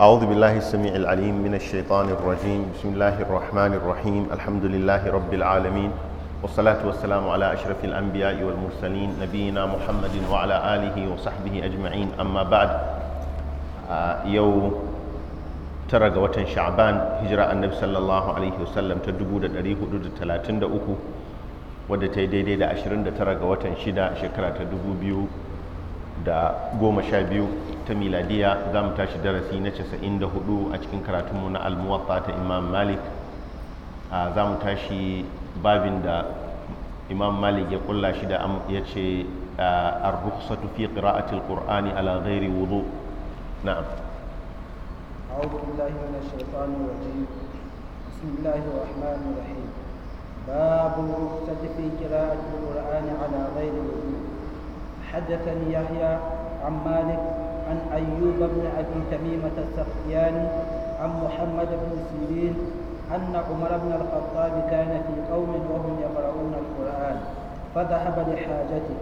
أعوذ بالله السميع العليم من الشيطان الرجيم بسم الله الرحمن الرحيم الحمد لله رب العالمين والصلاة والسلام على أشرف الأنبياء والمرسلين نبينا محمد وعلى آله وصحبه أجمعين أما بعد يو ترى وتن شعبان هجرة النبي صلى الله عليه وسلم تدبود الأريه ودود التلاتين دا أكو wadda ta yi daidai da 29 ga watan 6 shekara ta 2012 ta miladiya za mu tashi darasi na 94 a cikin karatunmu na almuwatta ta imam malik za mu tashi babin da imam malik ya kulla shi da ya ce ar-rukhsatu fi qira'ati al-qur'ani ala ghairi wudu na'am أعوذ بالله من الشيطان الرجيم بسم الله الرحمن الرحيم باب الرخصة في قراءة القرآن على غير وضوء حدثني يحيى عن مالك عن أيوب بن أبي تميمة السختياني عن محمد بن سيرين أن عمر بن الخطاب كان في قوم وهم يقرؤون القرآن فذهب لحاجته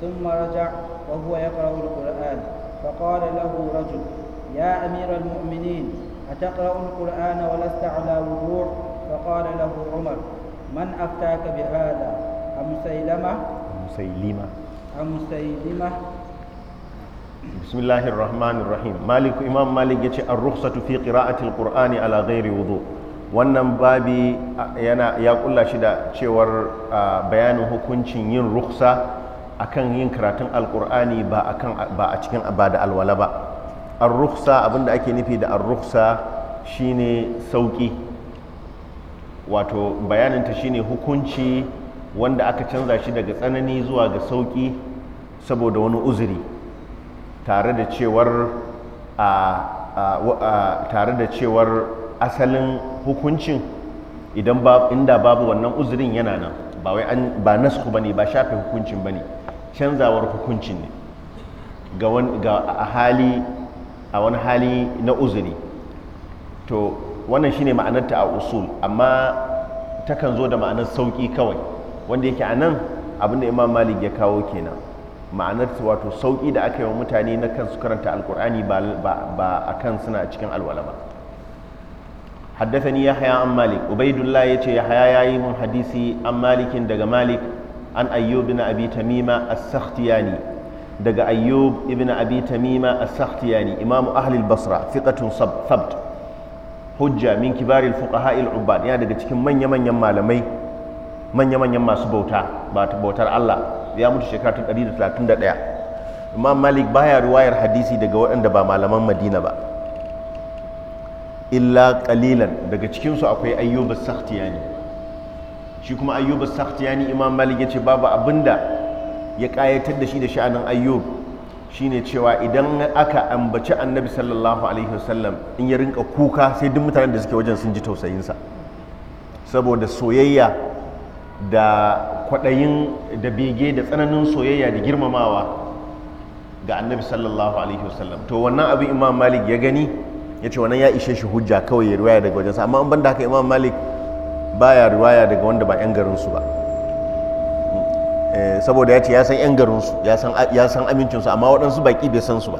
ثم رجع وهو يقرأ القرآن فقال له رجل يا أمير المؤمنين أتقرأ القرآن ولست على وضوء فقال له عمر من أفتاك بهذا أمسيلمة أمسيلمة أمسيلمة bismillahir rahmanir rahim malik imam malik yace يجي rukhsatu في kur'ani qur'ani على غير wudu wannan babi yana ya kulla shi da cewar bayanin hukuncin yin ruksa akan yin karatun al'kur'ani ba a cikin ba da alwala ba ar-rukhsa abinda ake nufi da ar shi shine sauki wato bayanin bayaninta shine hukunci wanda aka canza shi daga tsanani zuwa ga sauki saboda wani uzuri tare da cewar a tare da cewar asalin hukuncin idan ba inda babu wannan uzurin yana nan ba wai an ba nasku bane ba shafe hukuncin bane canzawar hukuncin ne ga wani ga a hali a wani hali na uzuri to wannan shine ma'anarta a usul amma takan zo da ma'anar sauki kawai wanda yake anan nan abinda imam malik ya kawo kenan ma'anar wato sauƙi da aka yi wa mutane na kan su karanta alkur'ani ba a kan suna cikin alwala ba haddasa ya yahya an malik ubaidullah yace yahaya yayi mun hadisi an malikin daga malik an ayyub na abi tamima as-sakhtiyani daga ayyub ibn abi tamima as-sakhtiyani imam ahli al-basra thiqatun sabt hujja min kibaril fuqaha al yana daga cikin manya-manyan malamai manya-manyan masu bauta ba bautar Allah ya mutu shekara ta ɗaya imam malik baya riwayar hadisi daga waɗanda ba malaman madina ba illa kalilan daga cikinsu akwai ayyuba sakhtiyani shi kuma ayyuba sakhtiyani imam malik ya ce babu abin da ya kayatar da shi da sha'anin ayyub shine cewa idan aka ambaci annabi sallallahu alaihi wasallam in ya rinka kuka sai duk mutanen da suke wajen sun ji tausayinsa saboda soyayya da kwaɗayin da bege da tsananin soyayya da girmamawa ga annabi sallallahu alaihi wasallam to wannan abin imam malik ya gani ya ce wannan ya ishe shi hujja kawai ya riwaya daga wajensa amma an banda haka imam malik baya riwaya daga wanda ba 'yan garinsu ba eh, saboda ya ce ya san 'yan garinsu ya san amincinsu amma waɗansu baƙi bai san su ba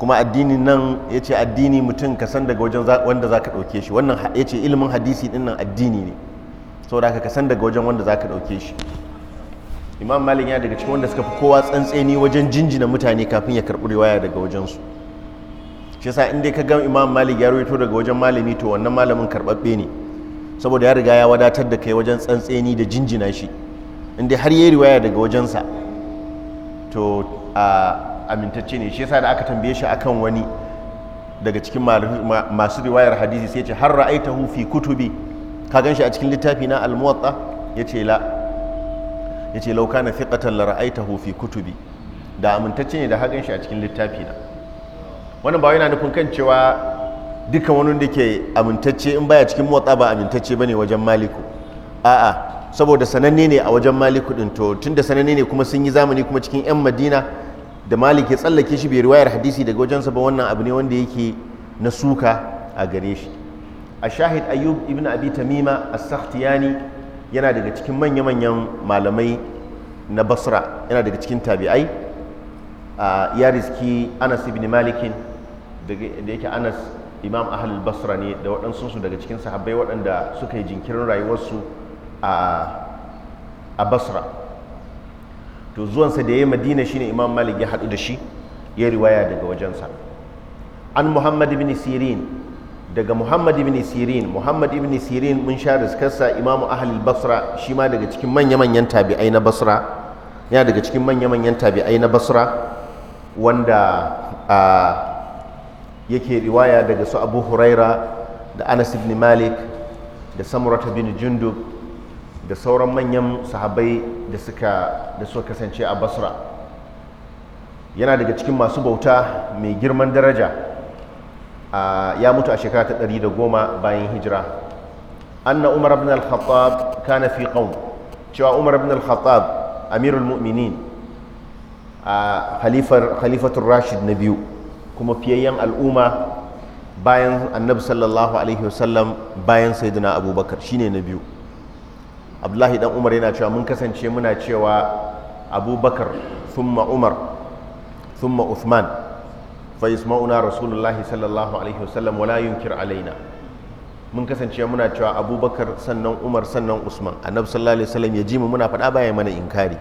kuma addini nan ya ce addini mutum ka san daga wajen wanda za ka ɗauke shi wannan ya ce ilimin hadisi ɗin nan addini ne saboda haka ka san daga wajen wanda ka dauke shi imam malik ya daga cikin wanda suka fi kowa tsantseni wajen jinjina mutane kafin ya karɓi riwaya daga wajensu shi yasa in dai ka ga imam malik ya rawaito daga wajen malami to wannan malamin karɓaɓɓe ne saboda ya riga ya wadatar da kai wajen tsantseni da jinjina shi in dai har yayi riwaya daga wajensa to a amintacce ne shi yasa da aka tambaye shi akan wani daga cikin masu riwayar hadisi sai ce har ra'aitahu fi kutubi ka gan shi a cikin littafi na almuwatsa ya ce la ya ce lauka na fiƙatan lara'aita fi kutubi da amintacce ne da hagan shi a cikin littafi na wannan ba yana nufin kan cewa dukkan wani da ke amintacce in baya cikin motsa ba amintacce ba ne wajen maliku a'a saboda sananne ne a wajen maliku din to da sananne ne kuma sun yi zamani kuma cikin yan madina da malik ya tsallake shi bai riwayar hadisi daga wajensa ba wannan abu ne wanda yake na suka a gare shi a shahid ayyub ibn abi tamima as yana daga cikin manya-manyan malamai na basra yana daga cikin tabi'ai ya riski anas ibn malikin da yake anas imam ahal basra ne da waɗansu daga cikin sahabbai waɗanda suka yi jinkirin rayuwarsu a basra to zuwansa da ya yi shi ne imam malik ya haɗu da shi ya riwaya daga wajensa an muhammad ibn sirin daga muhammad ibn sirin muhammad ibn sirin mun sha riskarsa imamu ahalil basra shi ma daga cikin manya-manyan tabi'ai na basra yana daga cikin manya-manyan tabi'ai na basra wanda yake riwaya daga su abu huraira da anas ibn malik da samurata bin jundu da sauran manyan sahabai da suka da suka kasance a basra yana daga cikin masu bauta mai girman daraja ya mutu a shekara ta ɗari da goma bayan hijira anna umar ibn al-khattab kana fi qaum cewa umar ibn al-khattab amirul mu'minin a khalifar khalifatul rashid na biyu kuma fiyayyen al'umma bayan annabi sallallahu alaihi wasallam bayan sayyidina abubakar shine na biyu abdullahi dan umar yana cewa mun kasance muna cewa abubakar thumma umar thumma uthman fa yasma'una rasulullahi sallallahu alaihi wasallam wala yunkir alaina mun kasance muna cewa abubakar sannan umar sannan usman annabi sallallahu alaihi wasallam ya ji mu muna faɗa bayan mana inkari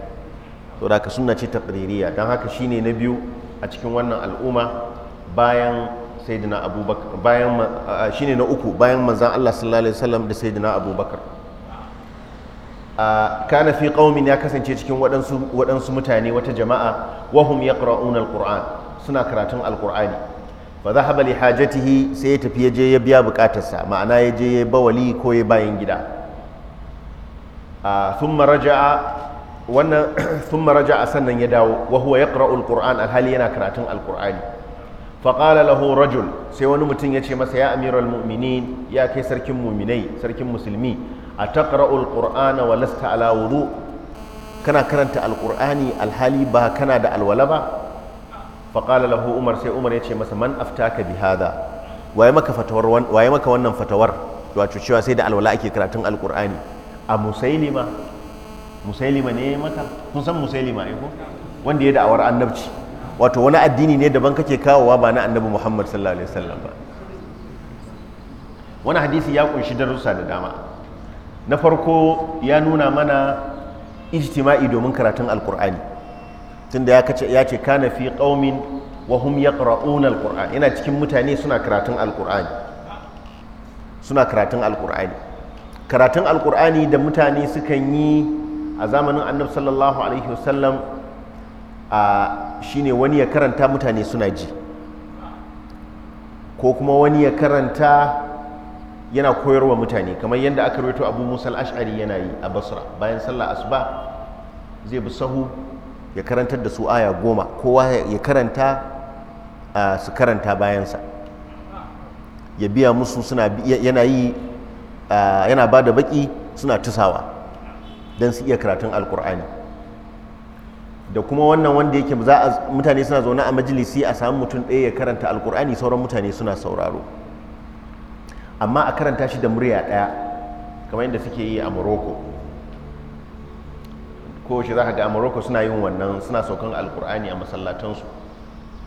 to da ka sunna ce taqririya dan haka shine na biyu a cikin wannan al'umma bayan sayyidina abubakar bayan shine na uku bayan manzon Allah sallallahu alaihi wasallam da sayyidina abubakar kana fi qaumin ya kasance cikin waɗansu waɗansu mutane wata jama'a wahum yaqra'una alquran suna karatun alkur'ani fa za li hajatihi sai ya tafi je ya biya bukatarsa ma'ana ya je ya bawali ko ya bayan gida sun maraja a sannan ya dawo wa ya yaqra'u alkur'an alhali yana karatun alkur'ani faƙala laho rajul sai wani mutum ya ce masa ya al mu'minin ya kai sarkin mu'minai sarkin musulmi a taqra'ul alkur'ana wa lasta ala kana karanta alkur'ani alhali ba kana da alwala ba faƙala lahu umar sai umar ya ce masa man aftaka bi hada waye maka fatawar waye maka wannan fatawar wato cewa sai da alwala ake karatun alqur'ani a musailima musailima ne maka kun san musailima ai ko wanda ya da'awar annabci wato wani addini ne daban kake kawowa ba na annabi muhammad sallallahu alaihi wasallam ba wani hadisi ya kunshi darussa da dama na farko ya nuna mana ijtima'i domin karatun alqur'ani tunda ya ce kana fi qaumin wa hum yaqra'una alquran yana cikin mutane suna karatun alqur'ani suna karatun alqur'ani karatun alqur'ani da mutane sukan yi a zamanin annabi sallallahu alaihi wasallam a shine wani ya karanta mutane suna ji ko kuma wani ya karanta yana koyarwa mutane kamar yadda aka rawaito abu musal ashari yana yi a basra bayan sallah asuba zai bi sahu ya karantar da su aya goma kowa ya karanta su karanta bayansa ya biya musu suna yana yi yana ba da baki suna tusawa don su iya karatun alkur'ani da kuma wannan wanda yake za mutane suna zaune a majalisi a samu mutum ɗaya ya karanta alkur'ani sauran mutane suna sauraro amma a karanta shi da murya ɗaya kamar yadda suke yi a morocco ko shi za ka ga a morocco suna yin wannan suna saukan alkur'ani a masallatansu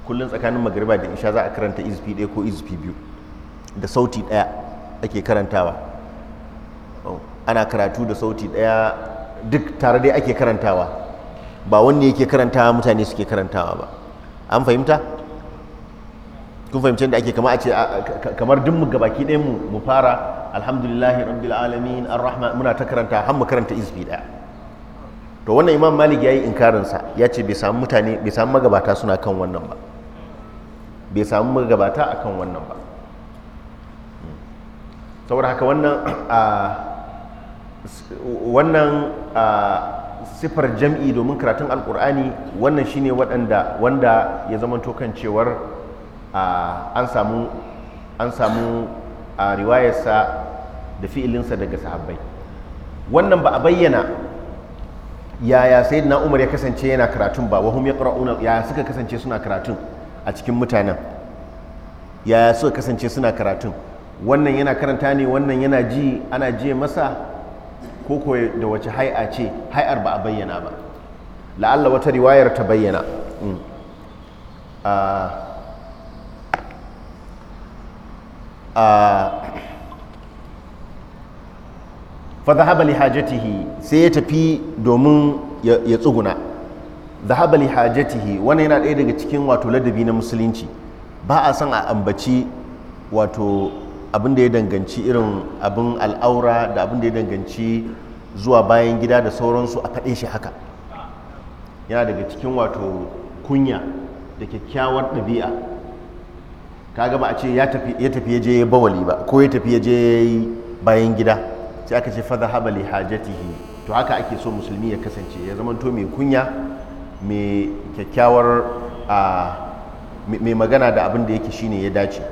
kullum tsakanin magariba da isha za a karanta izfi ɗaya ko izfi biyu da sauti ɗaya ake karantawa ana karatu da sauti ɗaya duk tare dai ake karantawa ba wanne yake karantawa mutane suke karantawa ba an fahimta kun fahimci da ake Kamar a ce kamar duk mu gabaki ɗayan mu mu fara alhamdulillahi rabbil alamin arrahman muna ta karanta har mu karanta izfi ɗaya to wannan imam malik ya yi inkarinsa ya ce bai samu mutane bai samu magabata suna kan wannan ba bai samu magabata a kan wannan ba saboda haka wannan a wannan a sifar jam'i domin karatun alkur'ani wannan shine waɗanda wanda ya zamanto kan cewar an samu an samu a riwayarsa da fi'ilinsa daga sahabbai wannan ba a bayyana yaya na umar ya kasance yana karatun ba wahum yaqra'una yaya suka kasance suna karatun a cikin mutanen yaya suka kasance suna karatun wannan yana karanta ne wannan yana ji ana je masa ko da wace hai'a ce hai'ar ba a bayyana ba la'alla wata riwayar ta bayyana mm. a ah. ah. fa hajatihi sai ya tafi domin ya tsuguna zahaba li hajatihi wani yana ɗaya daga cikin wato ladabi na musulunci ba a son a ambaci wato abin da ya danganci irin abin al'aura da abin da ya danganci zuwa bayan gida da sauransu a kaɗe shi haka yana daga cikin wato kunya da kyakkyawar ɗabi'a kaga ba a ce ya tafi ya je ya bawali ba ko ya tafi ya je bayan gida sai aka ce fadha haba li hajatihi to haka ake so musulmi ya kasance ya zama to mai kunya mai kyakkyawar mai magana da abin da yake shine ya dace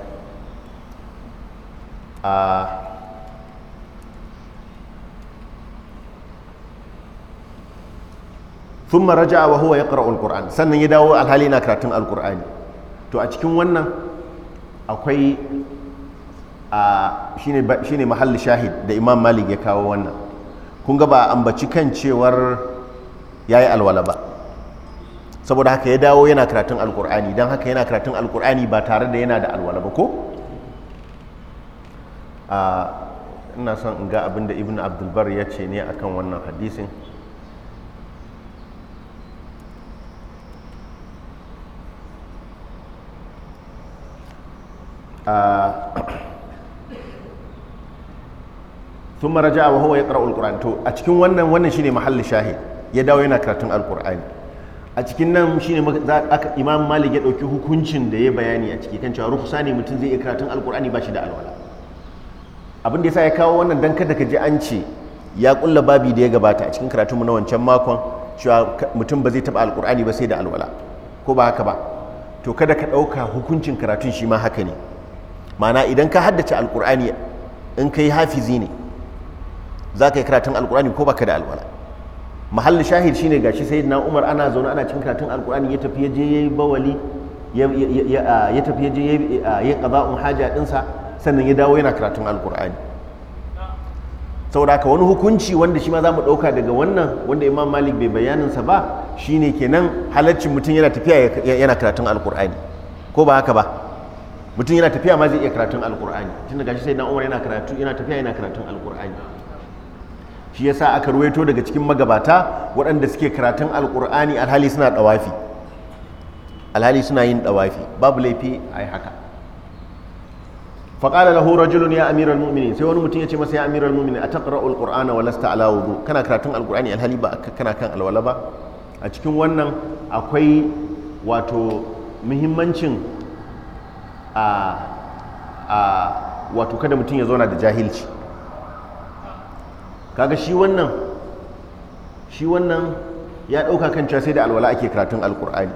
thumma raja'a wa huwa yaqra'u al Alƙur'an, sannan ya dawo alhali na karatun Alƙur'ani. to a cikin wannan akwai shi ne mahalli shahid da imam malik ya kawo wannan kun ga ba ambaci kan cewar ya yi alwala ba saboda haka ya dawo yana karatun alkur'ani don haka yana karatun alkur'ani ba tare da yana da alwala ba ko ina son in ga abin da ibn abdulbar ya ce ne akan wannan hadisin uh, sun maraja wa huwa ya ƙara alƙur'an to a cikin wannan wannan shine mahallin shahi ya dawo yana karatun alƙur'ani a cikin nan shine aka imam malik ya ɗauki hukuncin da ya bayani a ciki kan cewa rukusa ne mutum zai iya karatun alƙur'ani ba shi da alwala abin da yasa ya kawo wannan dan kada ka ji an ce ya kulla babi da ya gabata a cikin karatunmu na wancan makon cewa mutum ba zai taɓa alƙur'ani ba sai da alwala ko ba haka ba to kada ka ɗauka hukuncin karatun shi ma haka ne ma'ana idan ka haddace alƙur'ani in ka yi hafizi ne za ka yi karatun alkur'ani ko baka da alwala mahallin shahid shine gashi sai na umar ana zaune ana cin karatun alkur'ani ya tafi ya je ya yi bawali ya tafi ya je ya yi qada'un haja dinsa sannan ya dawo yana karatun alkur'ani saboda ka wani hukunci wanda shi ma za mu ɗauka daga wannan wanda imam malik bai bayaninsa ba shine kenan halaccin mutum yana tafiya yana karatun alkur'ani ko ba haka ba mutum yana tafiya ma zai iya karatun alkur'ani tun ga shi sai na umar yana karatu yana tafiya yana karatun alkur'ani shi yasa aka ruwaito daga cikin magabata waɗanda suke karatun alkur'ani alhali suna ɗawafi alhali suna yin ɗawafi babu laifi a haka faƙala lahu rajulun ya al mu'minin sai wani mutum ya ce masa ya al mu'minin a taqra'ul qur'ana wa lasta ala kana karatun alkur'ani alhali ba kana kan alwala ba a cikin wannan akwai wato muhimmancin a wato kada mutum ya zauna da jahilci kaga shi wannan shi wannan ya ɗauka kan cewa sai da alwala ake karatun alkur'ani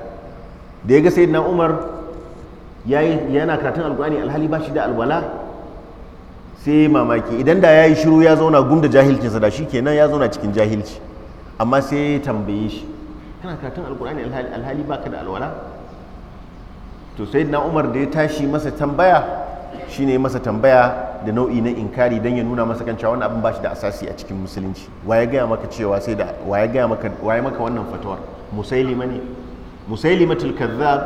da ya ga sai umar yana karatun alkur'ani alhali ba shi da alwala sai mamaki idan da ya yi shiru ya zauna gum da jahilcinsa da shi kenan ya zauna cikin jahilci amma sai ya tambaye shi kana karatun alkur'ani alhali ba ka da alwala to sai umar da ya tashi masa tambaya shine masa tambaya da nau'i na inkari don ya nuna masa kan cewa wannan abin ba shi da asasi a cikin musulunci waye gaya maka cewa sai da waye gaya maka waye maka wannan fatuwar musailima ne musailimatul kazzab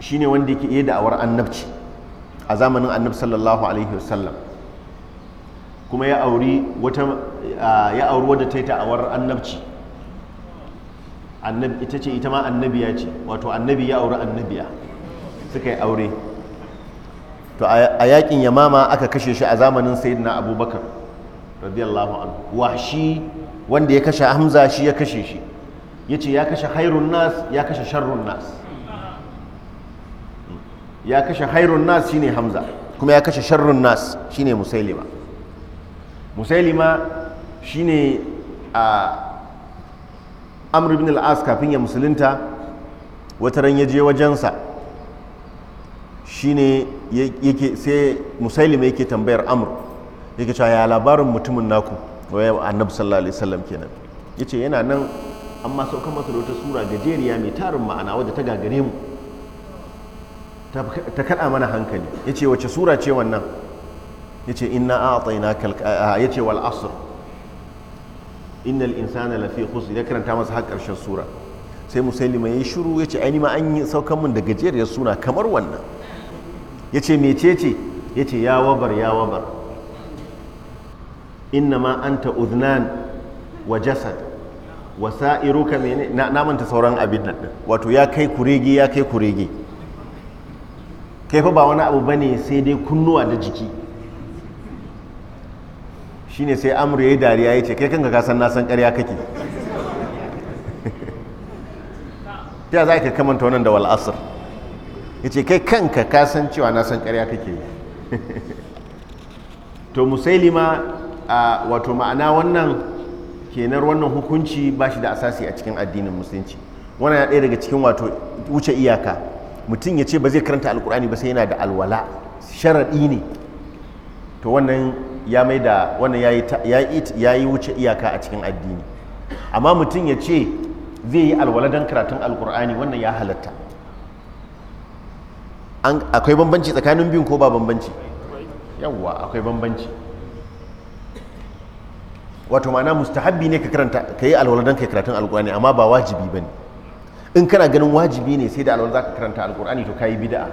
shine wanda yake iya da'awar annabci a zamanin annab sallallahu alaihi wasallam kuma ya auri wata ya auri wadda ta yi da'awar annabci ita ce ita ma annabiya ce wato annabi ya auri annabiya suka yi aure to a yakin yamama aka kashe shi a zamanin sayyidina abubakar radiyallahu anhu washi wanda ya kashe hamza shi ya kashe shi ya ce ya kashe hairun nas ya kashe sharrun nas hmm. ya kashe hairun nas shine hamza kuma ya kashe sharrun nas shine musailima musailima shine a amr ibn al-as kafin ya musulunta wataran ya je wajensa shine yake sai musailima yake tambayar Amur yake cewa ya labarin mutumin naku wa annabi sallallahu alaihi wasallam kenan yace yana nan amma saukan masa da wata sura gajeriya mai tarin ma'ana wadda ta gagare mu ta kada mana hankali yace wace sura ce wannan yace inna a'tainaka yace wal asr innal insana lafi khusr ya karanta masa har karshen sura sai musailima yayi shiru yace ai ni ma an yi saukan mun da gajeriyar suna kamar wannan ya ce mecece ya ce ya wabar ya wabar innama anta uznan wa jasad wa sa'iruka mene na manta sauran abin nan wato ya kai kuregi ya kai kuregi kai fa ba wani abu bane sai dai kunnuwa da jiki shine sai amru yayi dariya yace kai kanka ka san na san ƙarya kake ta za ka kamanta wannan da wal asr ya ce kai kanka ka san cewa na san karya kake yi to musailima wato ma'ana wannan kenar wannan hukunci ba shi da asasi a cikin addinin musulunci wannan ɗaya daga cikin wato wuce iyaka mutum ya ce ba zai karanta alkur'ani ba sai yana da alwala sharaɗi ne to wannan ya mai da wannan ya yi wuce iyaka a cikin addini amma mutum ya ce zai yi alwala don karatun alkur'ani wannan ya halatta akwai bambanci tsakanin biyun ko ba bambanci yawwa akwai bambanci wato ma'ana mustahabbi ne ka karanta ka yi alwala don ka karatun alkurani amma ba wajibi ba ne in kana ganin wajibi ne sai da alwala za ka karanta alkurani to ka yi bida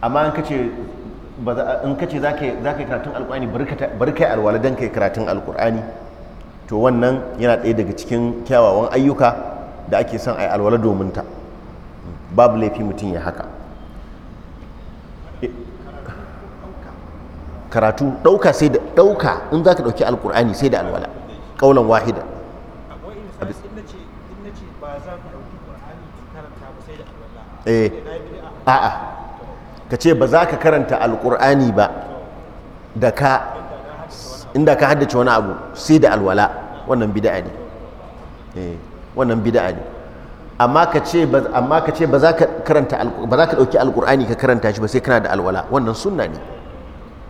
amma in ka ce za ka yi karatun alkurani bari ka yi alwala don ka yi karatun alkurani to wannan yana ɗaya daga cikin kyawawan ayyuka da ake son a yi alwala domin ta babu laifi mutum ya haka karatu ɗauka sai da ɗauka in za ka ɗauki alkur'ani sai da alwala ƙaunar wahida eh, a'a ka ce ba za ka karanta alkur'ani ba da ka inda ka haddace wani abu sai da alwala wannan bida'a ne eh, wannan bida'a ne amma ka ce amma ka ce ba za ka karanta ba za ka dauki alqur'ani ka karanta shi ba sai kana da alwala wannan sunna ne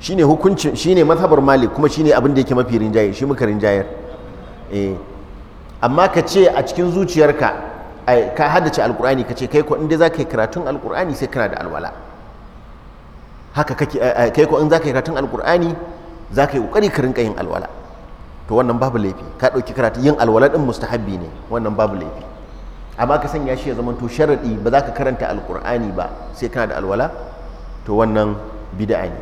shine hukuncin shine mazhabar malik kuma shine abin da yake mafi rinjaye shi muka rinjayar eh amma ka ce a cikin zuciyarka ka haddace alqur'ani ka ce kai ko in dai yi karatun alqur'ani sai kana da alwala haka kake eh, eh, kai ko in za ka yi karatun alqur'ani zaka yi kokari ka rinka yin alwala to wannan babu laifi ka dauki karatu yin alwala din mustahabbi ne wannan babu laifi amma ka sanya shi ya zama to sharaɗi ba za ka karanta Alƙur'ani ba sai kana da alwala to wannan bid'a ne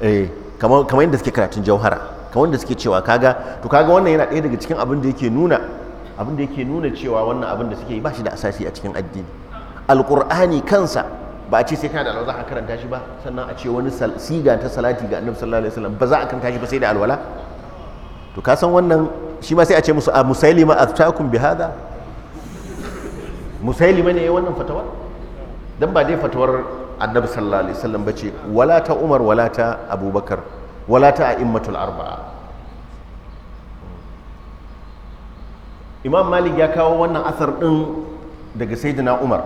eh kamar kamar yadda suke karatun jauhara kamar yadda suke cewa kaga to kaga wannan yana ɗaya daga cikin abin da yake nuna abin da yake nuna cewa wannan abin da suke yi ba shi da asasi a cikin addini Alƙur'ani kansa ba a ce sai kana da alwala za a karanta shi ba sannan a ce wani siga ta salati ga annabi sallallahu alaihi wasallam ba za a karanta shi ba sai da alwala to ka san wannan shi ma sai a ce musu a musailima aftakum bihada mai ne ya wannan fatawar Don ba dai fatawar annabi sallallahu alaihi wasallam bace wala ta umar wala ta abubakar wala ta immatul arba'a imam malik ya kawo wannan asar din daga sayyidina umar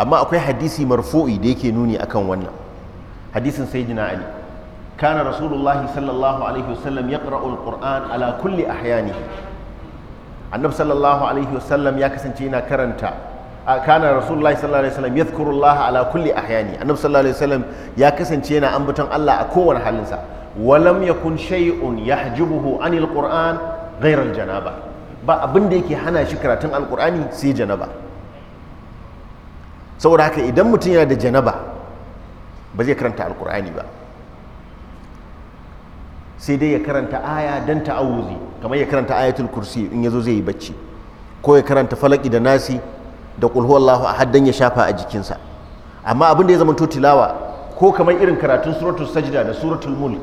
amma akwai hadisi marfo'i da yake nuni akan wannan hadisin sayyidina ali kana rasulullahi sallallahu alaihi wasallam yaqra'u alquran ala A ahyanihi annabi sallallahu alaihi wasallam ya kasance yana karanta Akana rasulullahi sallallahu alaihi wasallam yadhkurullaha ala kulli ahyani annabi ya kasance yana ambaton Allah a kowane halinsa walam yakun shay'un yahjibuhu anil qur'an ghayra al janaba ba abin da yake hana shi karatun alqur'ani sai janaba saboda haka idan mutum yana da janaba ba zai karanta alqur'ani ba sai dai ya karanta aya dan ta ta'awuzi kamar ya karanta ayatul kursi in ya zo zai yi bacci ko ya karanta falaki da nasi da qul a haddan ya shafa a jikinsa amma abin da ya zama tilawa ko kamar irin karatun suratul sajda da suratul mulk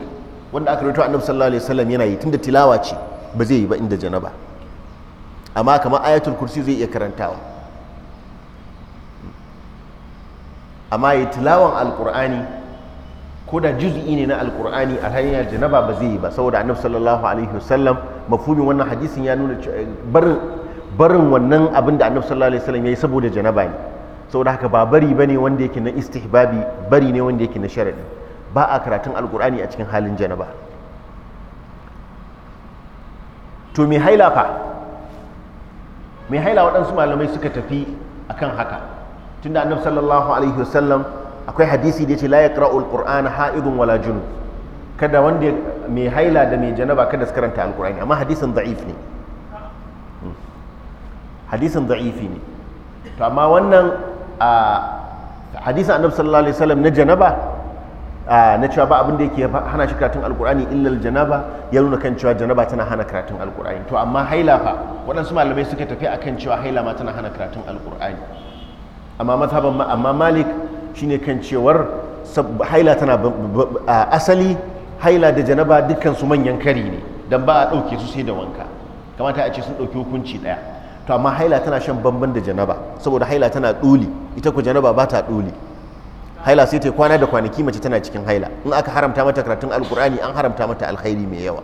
wanda aka rito annabi sallallahu alaihi wasallam yana yi tunda tilawa ce ba zai yi ba inda janaba amma kamar ayatul kursi zai iya karantawa amma ya tilawan alqur'ani ko da juz'i ne na alqur'ani a hanyar janaba ba zai yi ba saboda annabi sallallahu alaihi wasallam mafhumin wannan hadisin ya nuna barin barin wannan abin da annabi sallallahu alaihi wasallam yayi saboda janaba ne saboda haka ba bari bane wanda yake na istihbabi bari ne wanda yake na sharadi ba a karatun alqur'ani a cikin halin janaba to mai haila fa mai haila waɗansu malamai suka tafi akan haka tunda annabi sallallahu alaihi wasallam akwai hadisi da yace la yaqra'u alqur'ana ha'idun wala junub kada wanda mai haila da mai janaba kada su karanta alqur'ani amma hadisin da'if ne hadisin za'ifi ne to amma wannan a hadisin annabi sallallahu alaihi wasallam na janaba na cewa ba abin da yake hana shi karatun alkur'ani illal janaba ya nuna kan cewa janaba tana hana karatun alkur'ani to amma haila fa waɗansu malamai suka tafi akan cewa haila ma tana hana karatun alkur'ani amma mazhaban amma malik shine kan cewar haila tana asali haila da janaba dukkan su manyan kari ne dan ba a ɗauke su sai da wanka kamata a ce sun ɗauki hukunci ɗaya to amma haila tana shan bamban da janaba saboda haila tana ɗoli ita ku janaba ba ta haila sai ta kwana da kwanaki mace tana cikin haila in aka haramta mata karatun alkur'ani an haramta mata alkhairi mai yawa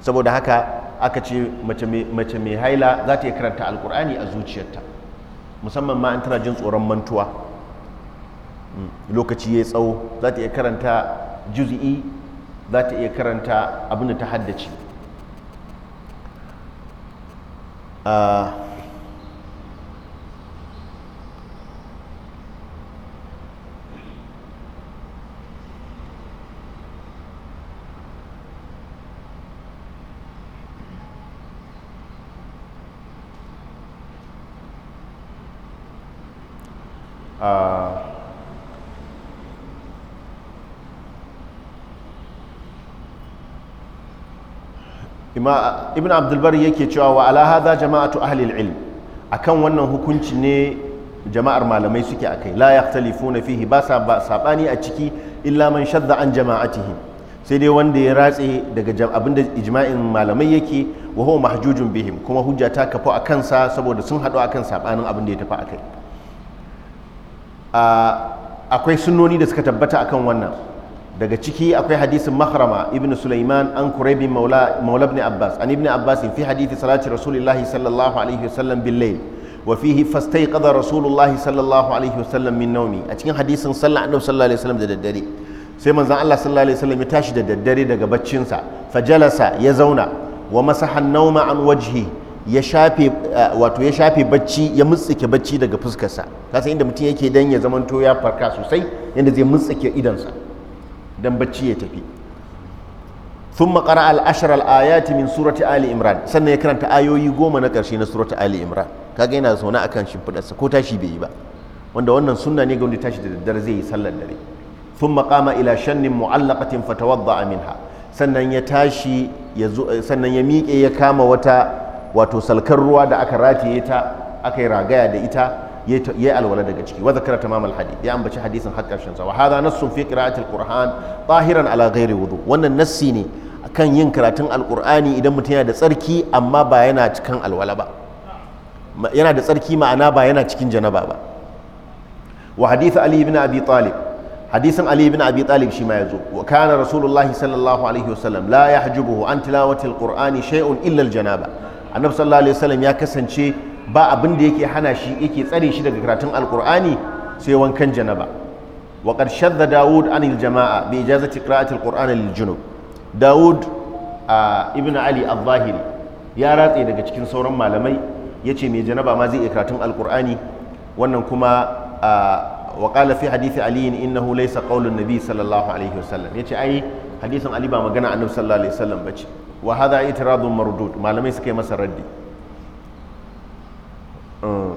saboda haka aka ce mace mai haila za ta yi karanta alkur'ani a zuciyarta musamman ma an tana jin tsoron mantuwa hmm, lokaci ya tsawo za ta iya karanta juzi'i za ta iya karanta abin da ta haddace uh, uh, ibn abdulbar yake cewa wa jama'a hadha jama'atu ahli ilm akan wannan hukunci ne jama'ar malamai suke akai la na fihi ba sa ba sabani a ciki illa man shadda an jama'atihim sai dai wanda ya ratse daga abinda ijma'in malamai yake wa huwa mahjujun bihim kuma hujja ta kafu a kansa saboda sun haɗu akan sabanin abin da ya tafi akai akwai sunnoni da suka tabbata akan wannan daga ciki akwai hadisin mahrama ibn sulaiman an kuraibi maula ibn abbas an ibn abbas fi hadithi salati rasulillahi sallallahu alaihi wasallam bil layl wa fihi fastayqadha rasulullahi sallallahu alaihi wasallam min nawmi a cikin hadisin sallah annabi sallallahu alaihi wasallam da daddare sai manzon Allah sallallahu alaihi wasallam ya tashi da daddare daga baccin sa fajalasa ya zauna wa masaha an-nawma an wajhi ya shafe eh, wato ya shafe bacci ya mutsike bacci daga fuskarsa kasa inda mutum yake dan ya zamanto ya farka sosai yanda zai mutsike idansa dan bacci ya tafi thumma qara al ashra al ayati min surati ali imran sannan ya karanta ayoyi goma na karshe na surati ali imran kaga yana zauna akan shimfidar sa ko tashi bai yi ba wanda wannan sunna ne ga wanda tashi da daddare zai yi sallar dare thumma qama ila shannin mu'allaqatin fatawadda'a minha sannan ya tashi ya sannan ya miƙe ya kama wata wato salkar ruwa da aka rataye ta aka yi ragaya da ita yayi alwala daga ciki wa zakara tamam alhadith ya ambaci hadisin har karshen sa wa hadha nassun fi qira'ati alquran tahiran ala ghairi wudu wannan nassi ne kan yin karatun alqur'ani idan mutum yana da tsarki amma ba yana cikin alwala ba yana da tsarki ma'ana ba yana cikin janaba ba wa hadith ali ibn abi talib hadisin ali ibn abi talib shi ma zo wa kana rasulullah sallallahu alaihi wasallam la yahjubuhu an tilawati alqur'ani shay'un illa aljanaba annabi sallallahu alaihi wasallam ya kasance ba abin da yake hana shi yake tsare shi daga karatun alkur'ani sai wankan janaba wa ƙarshen da dawud an jama'a bai ijazati qira'atul qur'ani lil junub dawud ibn ali al-zahiri ya ratse daga cikin sauran malamai yace mai janaba ma zai iya karatun alkur'ani wannan kuma وقال في حديث علي انه ليس قول النبي nabi الله عليه وسلم yace ai hadisin ali ba magana annabi sallallahu alaihi wasallam bace wa hadha itiradun mardud malamai suka yi masa raddi Mm.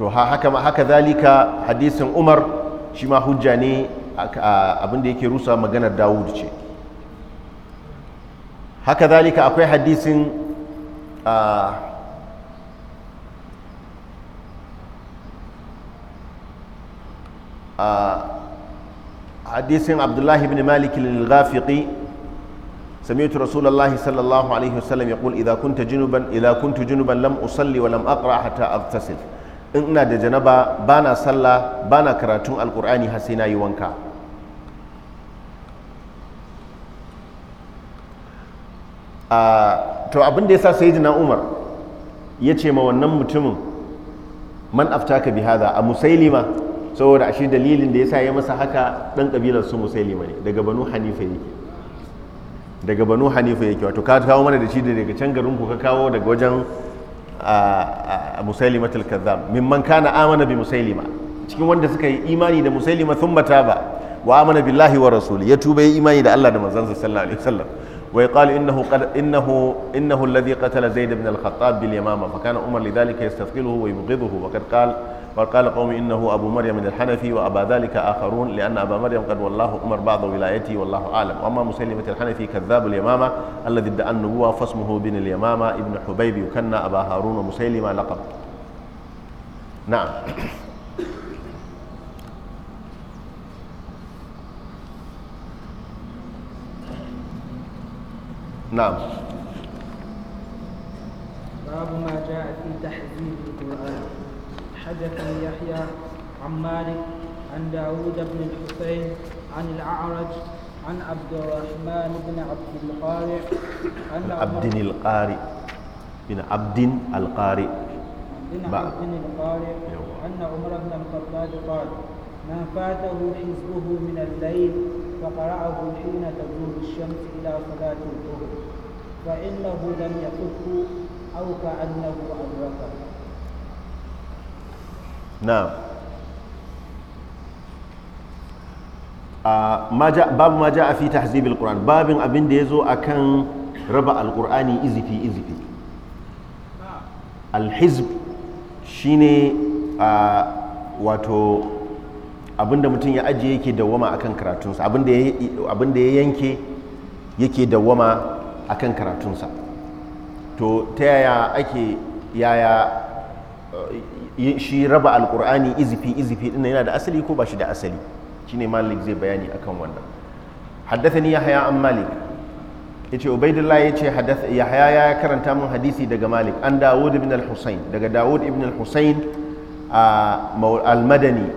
to haka haka zalika hadisin umar shi ma hujja ne abinda yake rusa maganar dawud ce haka zalika akwai hadisin hadisin abdullahi ibn malik al-ghafiqi سمعت رسول الله صلى الله عليه وسلم يقول إذا كنت جنبا إذا كنت جنبا لم أصلي ولم أقرأ حتى أغتسل إن دا جنبا بانا صلى بانا كراتون القرآن حسينا يوانكا to abin da yasa sayyidina Umar ya ce ma wannan mutumin man aftaka bi hada a musailima saboda ashe dalilin da ya sa ya masa haka ɗan kabilar su musailima ne daga banu hanifa yake daga banu hanifa yake wato ka kawo mana da shi daga can garin ku ka kawo daga wajen musailima kazzab mimman kana amana bi musailima cikin wanda suka yi imani da musailima thumma ba wa amana billahi wa rasuli ya tuba yi imani da Allah da manzansa sallallahu alaihi wasallam wai yaqal innahu qad innahu innahu alladhi qatala zaid ibn al-khattab bil yamama fa kana umar lidhalika yastathqiluhu wa yubghiduhu wa qad qala وقال قال قومي إنه أبو مريم الحنفي وأبا ذلك آخرون لأن أبا مريم قد والله أمر بعض ولايته والله أعلم وأما مسلمة الحنفي كذاب اليمامة الذي ادعى النبوة فاسمه بن اليمامة ابن حبيب يكنى أبا هارون ومسيلمة لقب نعم نعم باب ما جاء في تحذير القرآن حدثني يحيى عن مالك عن داود بن الحسين عن الأعرج عن عبد الرحمن بن عبد القارئ عن عبد القارئ بن عبد القارئ بن عبد القارئ أن عمر بن الخطاب قال ما فاته حزبه من الليل فقرأه حين تغرب الشمس إلى صلاة الظهر فإنه لم يفته أو كأنه أدركه na'am babu ma ja a fi tahzibil qur'an babin abin da ya zo a kan raba alkur'ani izifi izifi alhizb shine wato abin da mutum ya ajiye yake dawwama kan karatunsa abin da ya yanke yake dawwama akan karatunsa to ta yaya ake yaya shi raba alkur'ani izifi izifi din yana da asali ko ba shi da asali shine malik zai bayani akan wannan haddathani yahya an malik yace ubaidullah yace hadath yahya ya karanta min hadisi daga malik an dawud ibn al-husayn daga dawud ibn al-husayn al-madani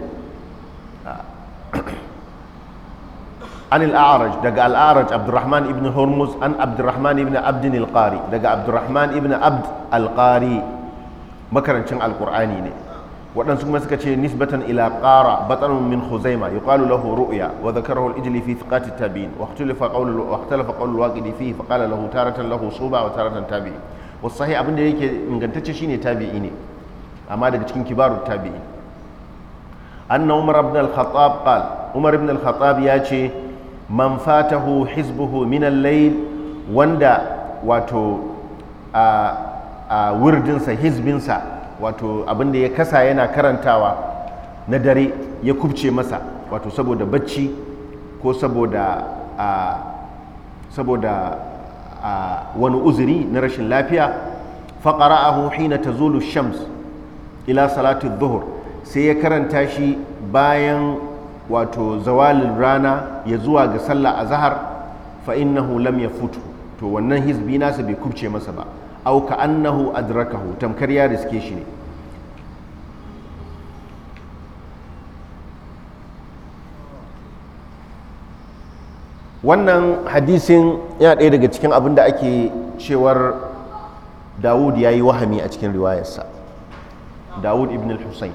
an al-a'raj daga al-a'raj abdurrahman ibn hormuz an abdurrahman ibn abd al-qari daga abdurrahman ibn abd al makarancin alkur'ani ne waɗansu kuma suka ce nisbatan ila ƙara batsanun min huzaima ya ƙwalu lahu ru'ya wa zakar hul ijili fi thiqati tabi'in wa ikhtalafa qawlu wa ikhtalafa fi faƙala lahu taratan lahu ba wa taratan tabi'in wa sahi abinda yake ingantacce shine tabi'i ne amma daga cikin kibarun tabi'in anna umar ibn al-khattab qal umar ibn al-khattab ya ce man fatahu hizbuhu min al-layl wanda wato a a wurdinsa hizbinsa wato abin da ya kasa yana karantawa na dare ya kubce masa wato saboda bacci ko saboda saboda wani uzuri na rashin lafiya faƙara a hina ta zulu shams ila salatu zuhur sai ya karanta shi bayan wato zawalin rana ya zuwa ga sallah a zahar fa innahu lam ya futu to wannan hizbi nasa bai kubce masa ba au ka annahu adrakahu tamkar ya riske shi ne wannan hadisin yana ɗaya daga cikin abin da ake cewar dawud ya yi wahami a cikin riwayarsa dawud ibn al-husayn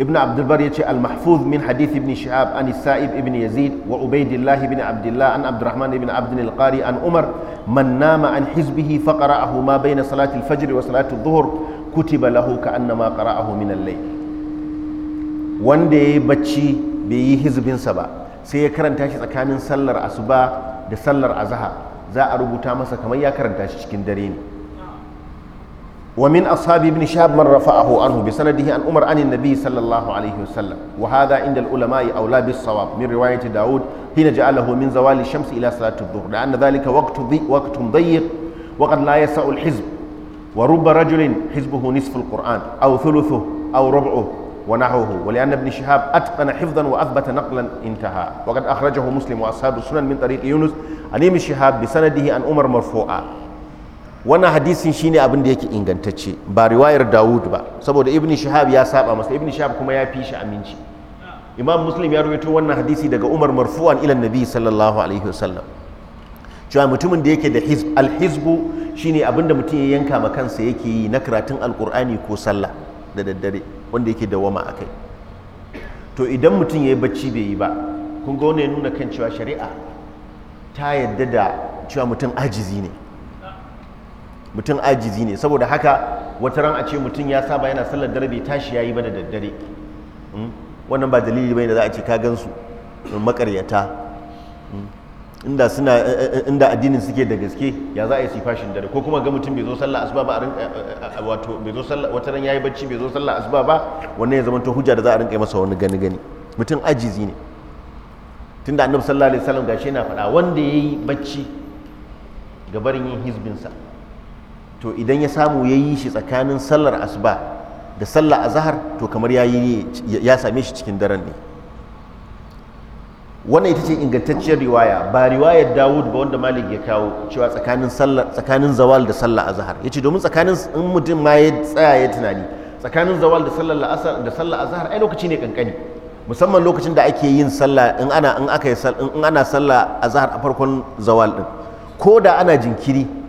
ibn abdulbar ya ce al-mahfuz min hadith ibn shihab an sa'ib ibn yazid wa ubaidillah ibn abdullah an abdurrahman ibn abd al-qari an umar man nama an hizbihi fa qara'ahu ma bayna salati al-fajr wa salati adh-dhuhr kutiba lahu ka annama qara'ahu min al-layl wanda yayi bacci bai yi hizbinsa ba sai ya karanta shi tsakanin sallar asuba da sallar azhar za a rubuta masa kamar ya karanta shi cikin dare ne ومن أصحاب ابن شهاب من رفعه عنه بسنده عن عمر عن النبي صلى الله عليه وسلم وهذا عند العلماء أولى بالصواب من رواية داود حين جعله من زوال الشمس إلى صلاة الظهر لأن ذلك وقت ضيق وقت ضيق وقد لا يسع الحزب ورب رجل حزبه نصف القرآن أو ثلثه أو ربعه ونحوه ولأن ابن شهاب أتقن حفظا وأثبت نقلا انتهى وقد أخرجه مسلم وأصحاب السنن من طريق يونس عن ابن شهاب بسنده عن عمر مرفوعا wannan hadisin shine abin da yake ingantacce ba riwayar Dawud ba saboda Ibn Shihab ya saba masa Ibn Shihab kuma ya fi shi aminci Imam Muslim ya rubuta wannan hadisi daga Umar marfu'an ilan Nabi sallallahu alaihi wasallam cewa mutumin da yake da alhizbu shine abin da mutum ya yanka ma kansa yake yi na karatun alkur'ani ko sallah da daddare wanda yake dawama kai. to idan mutum ya yi bacci bai yi ba kun ga wannan ya nuna kan cewa shari'a ta yadda da cewa mutum ajizi ne mutum ajizi ne saboda haka wata ran a ce mutum ya saba yana sallar dare bai tashi yayi ba da daddare hmm? wannan ba dalili bane da za a ce ka gansu makaryata hmm? inda suna eh, eh, eh, inda addinin suke da gaske ya za a yi su fashin dare ko kuma ga mutum bai zo sallar asuba ba a wato bai zo sallar wata ran yayi bacci bai zo sallar asuba ba wannan ya zama to hujja da za a rinka masa wani gani gani mutum ajizi ne tunda annabi sallallahu alaihi wasallam gashi yana faɗa wanda yayi bacci ga barin yin hizbinsa to idan ya samu ya yi shi tsakanin sallar asuba da sallar azahar to kamar ya same shi cikin daren ne wannan ita ce ingantacciyar riwaya ba riwayar dawud ba wanda malik ya kawo cewa tsakanin zawal da sallar Ya yace domin tsakanin in mutum ma ya tsaya ya tunani tsakanin zawal da sallar la'asar da ai lokaci ne kankani musamman lokacin da ake yin sallah in ana in aka yi sallah azahar a farkon zawal din ko da ana jinkiri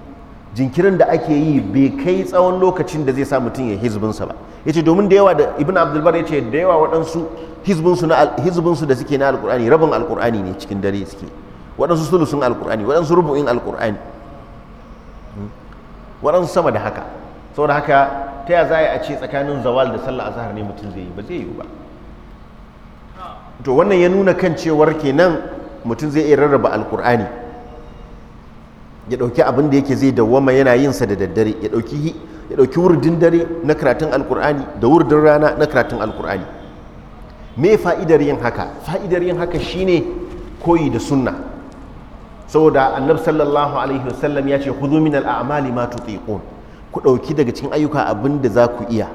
jinkirin da ake yi bai kai tsawon lokacin da zai sa mutum ya hizbinsa ba ya ce domin da yawa da ibn abdulbar ya ce da yawa waɗansu hizbinsu da suke na Alƙur'ani rabin Alƙur'ani ne cikin dare suke waɗansu sulusun Alƙur'ani waɗansu rubu'in Alƙur'ani. Hmm? waɗansu sama da haka saboda haka ta ya za a ce tsakanin zawal da sallah azhar ne mutum zai yi ba zai yi ba to wannan ya nuna kan cewar kenan mutum zai iya rarraba Alƙur'ani. ya ɗauki abin da yake zai dawwama yana yin sa da daddare ya ɗauki ya ɗauki wurdin dare na karatun alkur'ani da wurdin rana na karatun alkur'ani me fa'idar yin haka fa'idar yin haka shine koyi da sunna saboda annab sallallahu alaihi wasallam ya ce khudhu min al'amali ma tutiqun ku ɗauki daga cikin ayyuka abin da za ku iya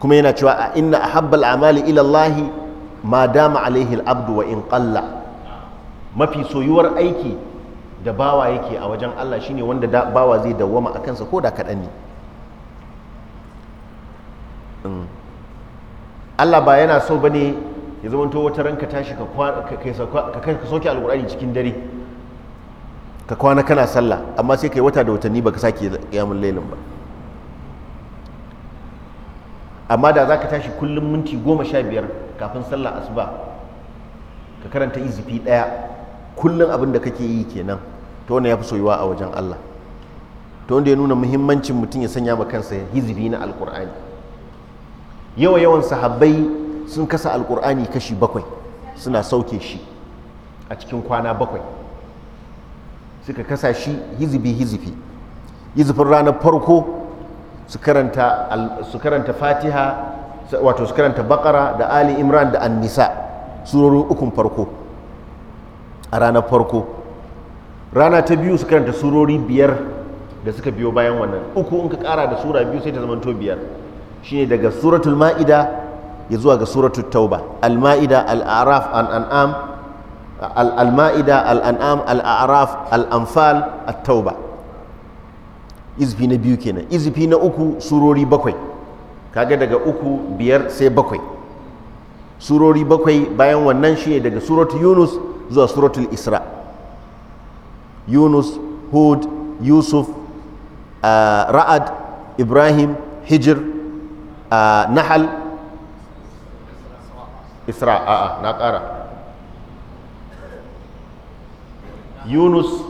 kuma yana cewa a inna ahabbal amali ila Allah ma dama alaihi al'abdu wa in qalla mafi soyuwar aiki da bawa yake a wajen Allah shine wanda bawa zai dawwama a kansa ko da kaɗan ne mm. Allah ba yana so bane ya to wata ranka tashi ka soke alkur'ani cikin dare ka kwana kana sallah amma sai ka wata da watanni ka sake yamun lailin ba amma da za ka tashi kullum minti goma sha biyar kafin sallah asuba ka karanta izifi ɗaya kullum abin da kake yi kenan to wanda ya fi soyuwa a wajen Allah to wanda ya nuna muhimmancin mutum ya sanya ma kansa hizibi na alkur'ani yawa yawan sahabbai sun kasa alkur'ani kashi bakwai suna sauke shi a cikin kwana bakwai suka kasa shi hizibi hizibi hizibin ranar farko su karanta fatiha wato su karanta bakara da ali imran da annisa surorin ukun farko a ranar farko rana ta biyu su karanta surori biyar da suka biyo bayan wannan uku in ka kara da sura biyu sai ta zamanto biyar shine daga suratul ma'ida ya zuwa ga suratul tauba al-ma'ida al-araf al-an'am al-ma'ida al-an'am al-araf al-anfal at-tauba izfi na biyu kenan izfi na uku surori bakwai kaga daga uku biyar sai bakwai surori bakwai bayan wannan shine daga suratul yunus zuwa suratul isra' يونس هود يوسف رعد ابراهيم هجر نحل اسراء اه نقرا يونس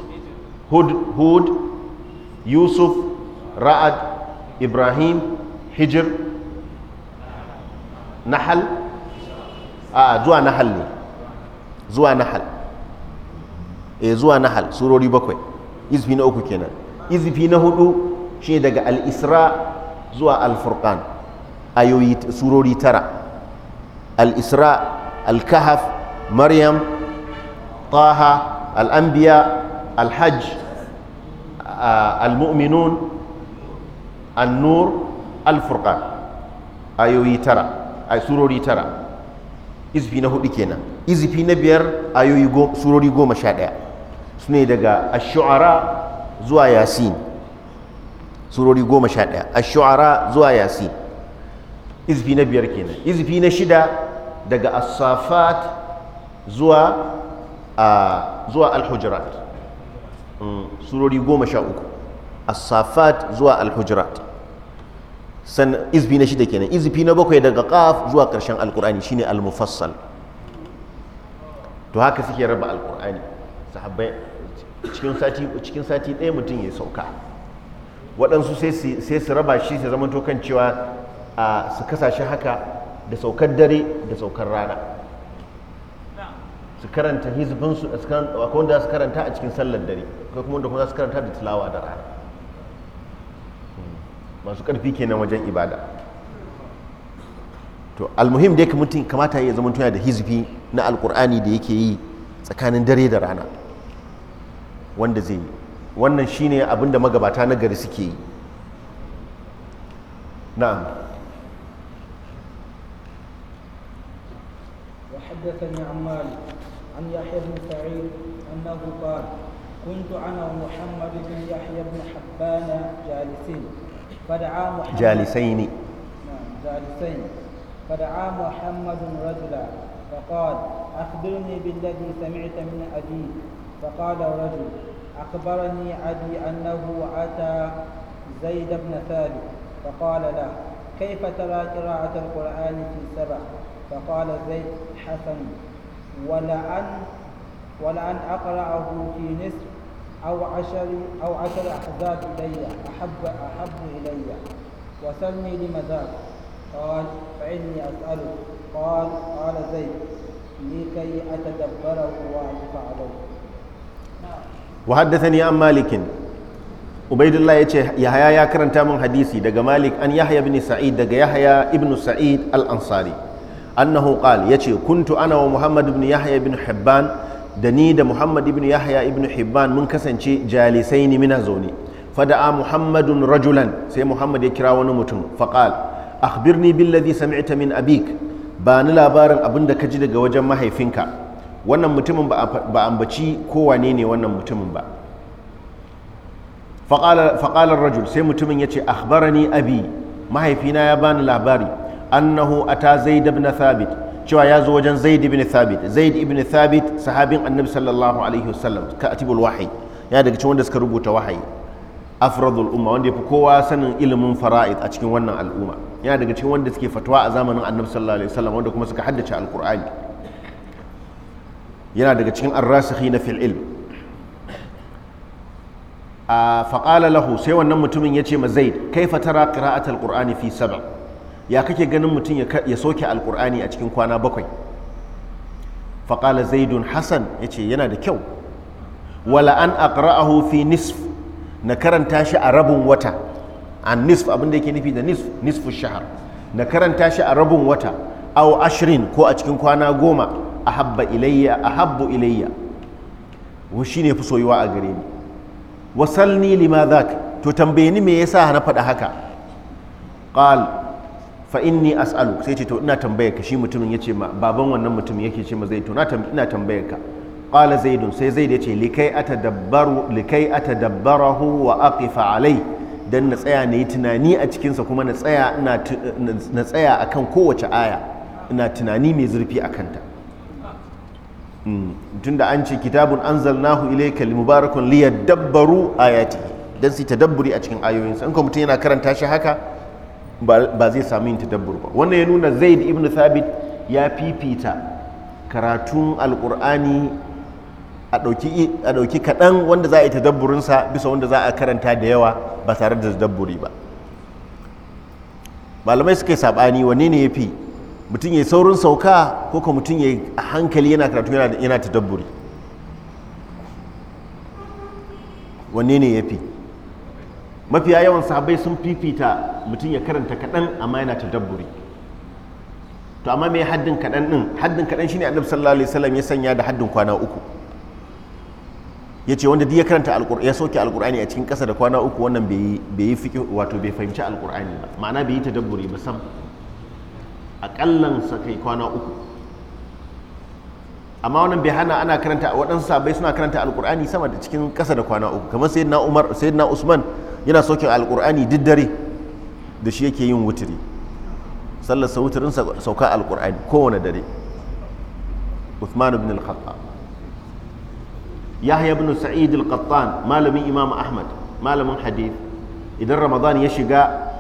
هود هود يوسف رعد ابراهيم هجر نحل اه زوا نحل زوا نحل e zuwa nahal surori bakwai izfi na uku kenan izfi na hudu shi daga al-isra zuwa al-furqan ayoyi surori tara al-isra al-kahf maryam taha al-anbiya al-hajj al-mu'minun an-nur al-furqan ayoyi tara ay surori tara izfi na hudu kenan izfi na biyar ayoyi surori goma sha ɗaya su ne daga ashu'ara zuwa yasin surori goma sha ɗaya ashu'ara zuwa yasin izfi na biyar kenan izfi na shida daga asafat zuwa zuwa alhujurat mm, surori goma sha uku asafat zuwa alhujurat san izfi na shida kenan izfi na bakwai daga qaf zuwa ƙarshen alkur'ani shine almufassal to haka suke raba alkur'ani sahabbai cikin sati ɗaya mutum ya sauka waɗansu sai su raba shi su zama kan cewa su kasashe haka da saukar dare da saukar rana su karanta hizbinsu akwai wanda su karanta a cikin sallar dare ko kuma wanda kuma su karanta da tilawa da rana masu ƙarfi kenan wajen ibada to almuhim dai mutum kamata ya zama tuna da hizbi na alkur'ani da yake yi tsakanin dare da rana wanda zai yi wannan shine abin da magabata na gari suke yi na'am وحدثني عن يحيى بن سعيد قال كنت ومحمد بن يحيى بن حبان جالسين فدعا محمد جالسين جالسين فدعا محمد رجلا فقال بالذي سمعت من فقال رجل أخبرني عدي أنه أتى زيد بن ثابت فقال له كيف ترى قراءة القرآن في سبع فقال زيد حسن ولأن ولأن أقرأه في نصف أو عشر أو عشر أحزاب إلي أحب أحب إلي وسلني لمذاك قال فإني أسألك قال قال زيد لكي أتدبره وأعرف عليه wa ni an malikin ubaidullah yace yahaya ya karanta min hadisi daga malik an yahya bin sa'id daga yahya ibn sa'id al-ansari annahu ya ce kuntu ana wa muhammad ibn yahya bin hibban da ni da muhammad ibn yahya ibn hibban mun kasance jalisai ni mina zaune fada'a muhammadun rajulan sai muhammad ya kira wani mutum faqal birni billadhi sami'ta min abik ba ni labarin abin da ka ji daga wajen mahaifinka wannan mutumin ba ambaci kowane ne wannan mutumin ba faƙalar rajul sai mutumin ya ce akhbarani abi mahaifina ya bani labari annahu ata zaid ibn thabit cewa ya zo wajen zaid ibn thabit zaid ibn thabit sahabin annabi sallallahu alaihi wasallam katibul wahyi ya daga cikin wanda suka rubuta wahayi afradul umma wanda yafi kowa sanin ilimin fara'id a cikin wannan al'umma ya daga cikin wanda suke fatwa a zamanin annabi sallallahu alaihi wasallam wanda kuma suka haddace alqur'ani yana daga cikin arrasikhina fil ilm a faƙala lahu sai wannan mutumin ya ce ma zaid kai fatara qira'at alqur'ani fi sab'a ya kake ganin mutum ya soke alƙur'ani a cikin kwana bakwai faƙala zaidun Hassan ya ce yana da kyau wala an aqra'ahu fi nisf na karanta shi a rabin wata an nisf abin da yake nufi da nisf nisfu shahar na karanta shi a rabin wata au ashirin ko a cikin kwana goma ahabba ilayya ahabbu ilayya wa shine fi soyuwa a gare ni wasalni lima to tambaye ni me yasa na faɗa haka qal fa inni as'alu sai ce to ina tambayar ka shi mutumin yace ma baban wannan mutumin yake ce ma zai to ina tambayar ka qala zaidun sai zaid yace likai atadabbaru likai atadabbarahu wa aqifa alai dan na tsaya na yi tunani a cikinsa kuma na tsaya na tsaya akan kowace aya ina tunani mai zurfi a kanta tunda an ce kitabun anzalnahu ilayka mubarakun liyadabbaru ayati dan su tadabburi a cikin ayoyinsa in ko mutum yana karanta shi haka ba zai samu yin tadabbur ba wannan ya nuna zaid ibn thabit ya fifita karatun alkur'ani a dauki kaɗan wanda za a yi sa bisa wanda za a karanta da yawa ba tare da tadabburi ba malamai suka yi saɓani wanne ne ya fi mutum ya saurin sauka ko ka mutum ya hankali yana karatu yana ta dabburi. wanne ne ya fi mafiya yawan sabai sun fifita mutum ya karanta kaɗan amma yana ta dabburi. to amma mai haddin kaɗan ɗin haddin kaɗan shine annabi sallallahu alaihi wasallam ya sanya da haddin kwana uku ya ce wanda duk ya karanta ya soke alkur'ani a cikin ƙasa da kwana uku wannan bai yi wato bai fahimci alkur'ani ba ma'ana bai yi ta dabburi ba sam sa kai kwana uku amma wannan bai hana ana karanta waɗansu sabai suna karanta alƙur'ani sama da cikin ƙasa da kwana uku kamar sayyidina umar na usman yana saukin alƙur'ani duk dare da shi yake yin wuturi sallar sautirin sauka alƙur'ani kowane dare uthman ibn al-khattab yahya ibn sa'id al-qattan malamin imam ahmad malamin hadith idan ramadan ya shiga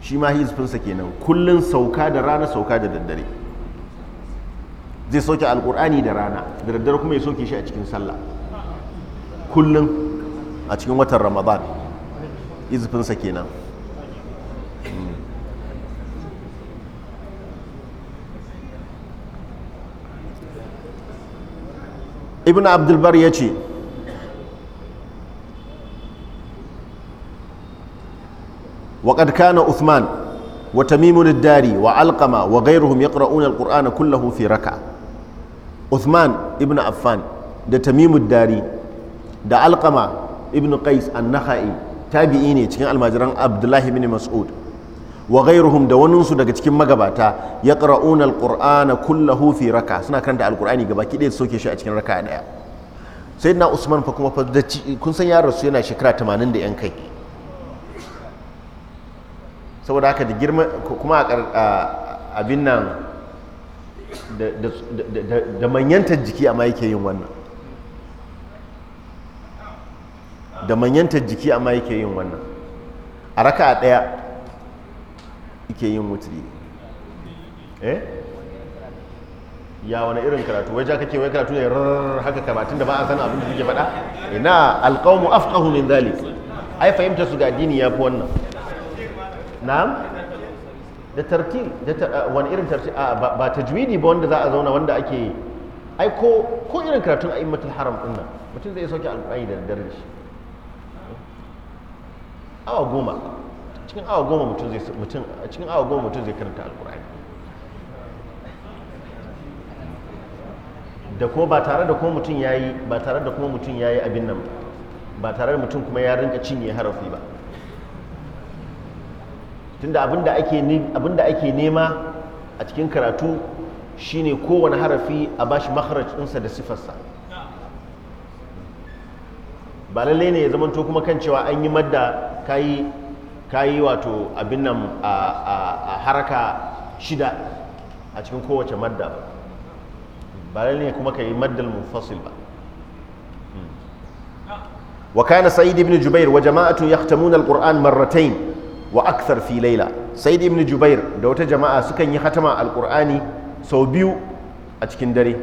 shi ma hizfinsa kenan kullun sauka da rana sauka da daddare zai sauke alkur'ani da rana da daddare kuma ya sauke shi a cikin sallah kullun a cikin watan ramadan hizfinsa kenan hmm. ibn abdulbar ya ce وقد كان عثمان وتميم الداري وعلقمة وغيرهم يقرؤون القرآن كله في ركعة عثمان ابن عفان ده تميم الداري ده علقمة ابن قيس النخعي تابعيني cikin almajiran Abdullahi ibn Mas'ud wa ghairuhum da waninsu daga cikin magabata ya ƙara'una alƙur'ana kullahu fi raka suna karanta alƙur'ani gaba ki ɗaya soke shi a cikin raka ɗaya sai na usman fa kuma kun san ya rasu yana shekara tamanin da 'yan kai saboda haka da girma kuma a abin nan da manyantar jiki amma yake yin wannan da manyantar jiki amma yake yin wannan a raka a ɗaya yake yin wuturi eh ya wani irin karatu wajen kake wai karatu ne rarrar haka karatun da ba a san abin da suke faɗa ina mu afkahu min zalik ai fahimta su ga dini ya fi wannan na'am da tartil da wani irin tartil ba tajwidi ba wanda za a zauna wanda ake ai ko ko irin karatun a a'immatul haram din nan mutum zai soke alƙai da daddare shi awa goma cikin awa goma mutum zai mutum cikin awa goma mutum zai karanta alƙur'ani da ko ba tare da kuma mutum yayi ba tare da kuma mutum yayi abin nan ba tare da mutum kuma ya rinka cinye harafi ba tunda abin da ake nema a cikin karatu shine kowane harafi a bashi makharaj ɗinsa da sifarsa ba lallai ne ya zamanto kuma kan cewa an yi madda kayi wato abin nan a haraka shida a cikin kowace madda ba ba lalle ne kuma yi maddal munfasil ba hmm. wa kana sa'id ibn jubair wa jama'atu yahtamuna Qur'an marratayn wa aksar fi laila da ibn jubair da wata jama'a sukan yi hatama alqur'ani sau biyu a cikin dare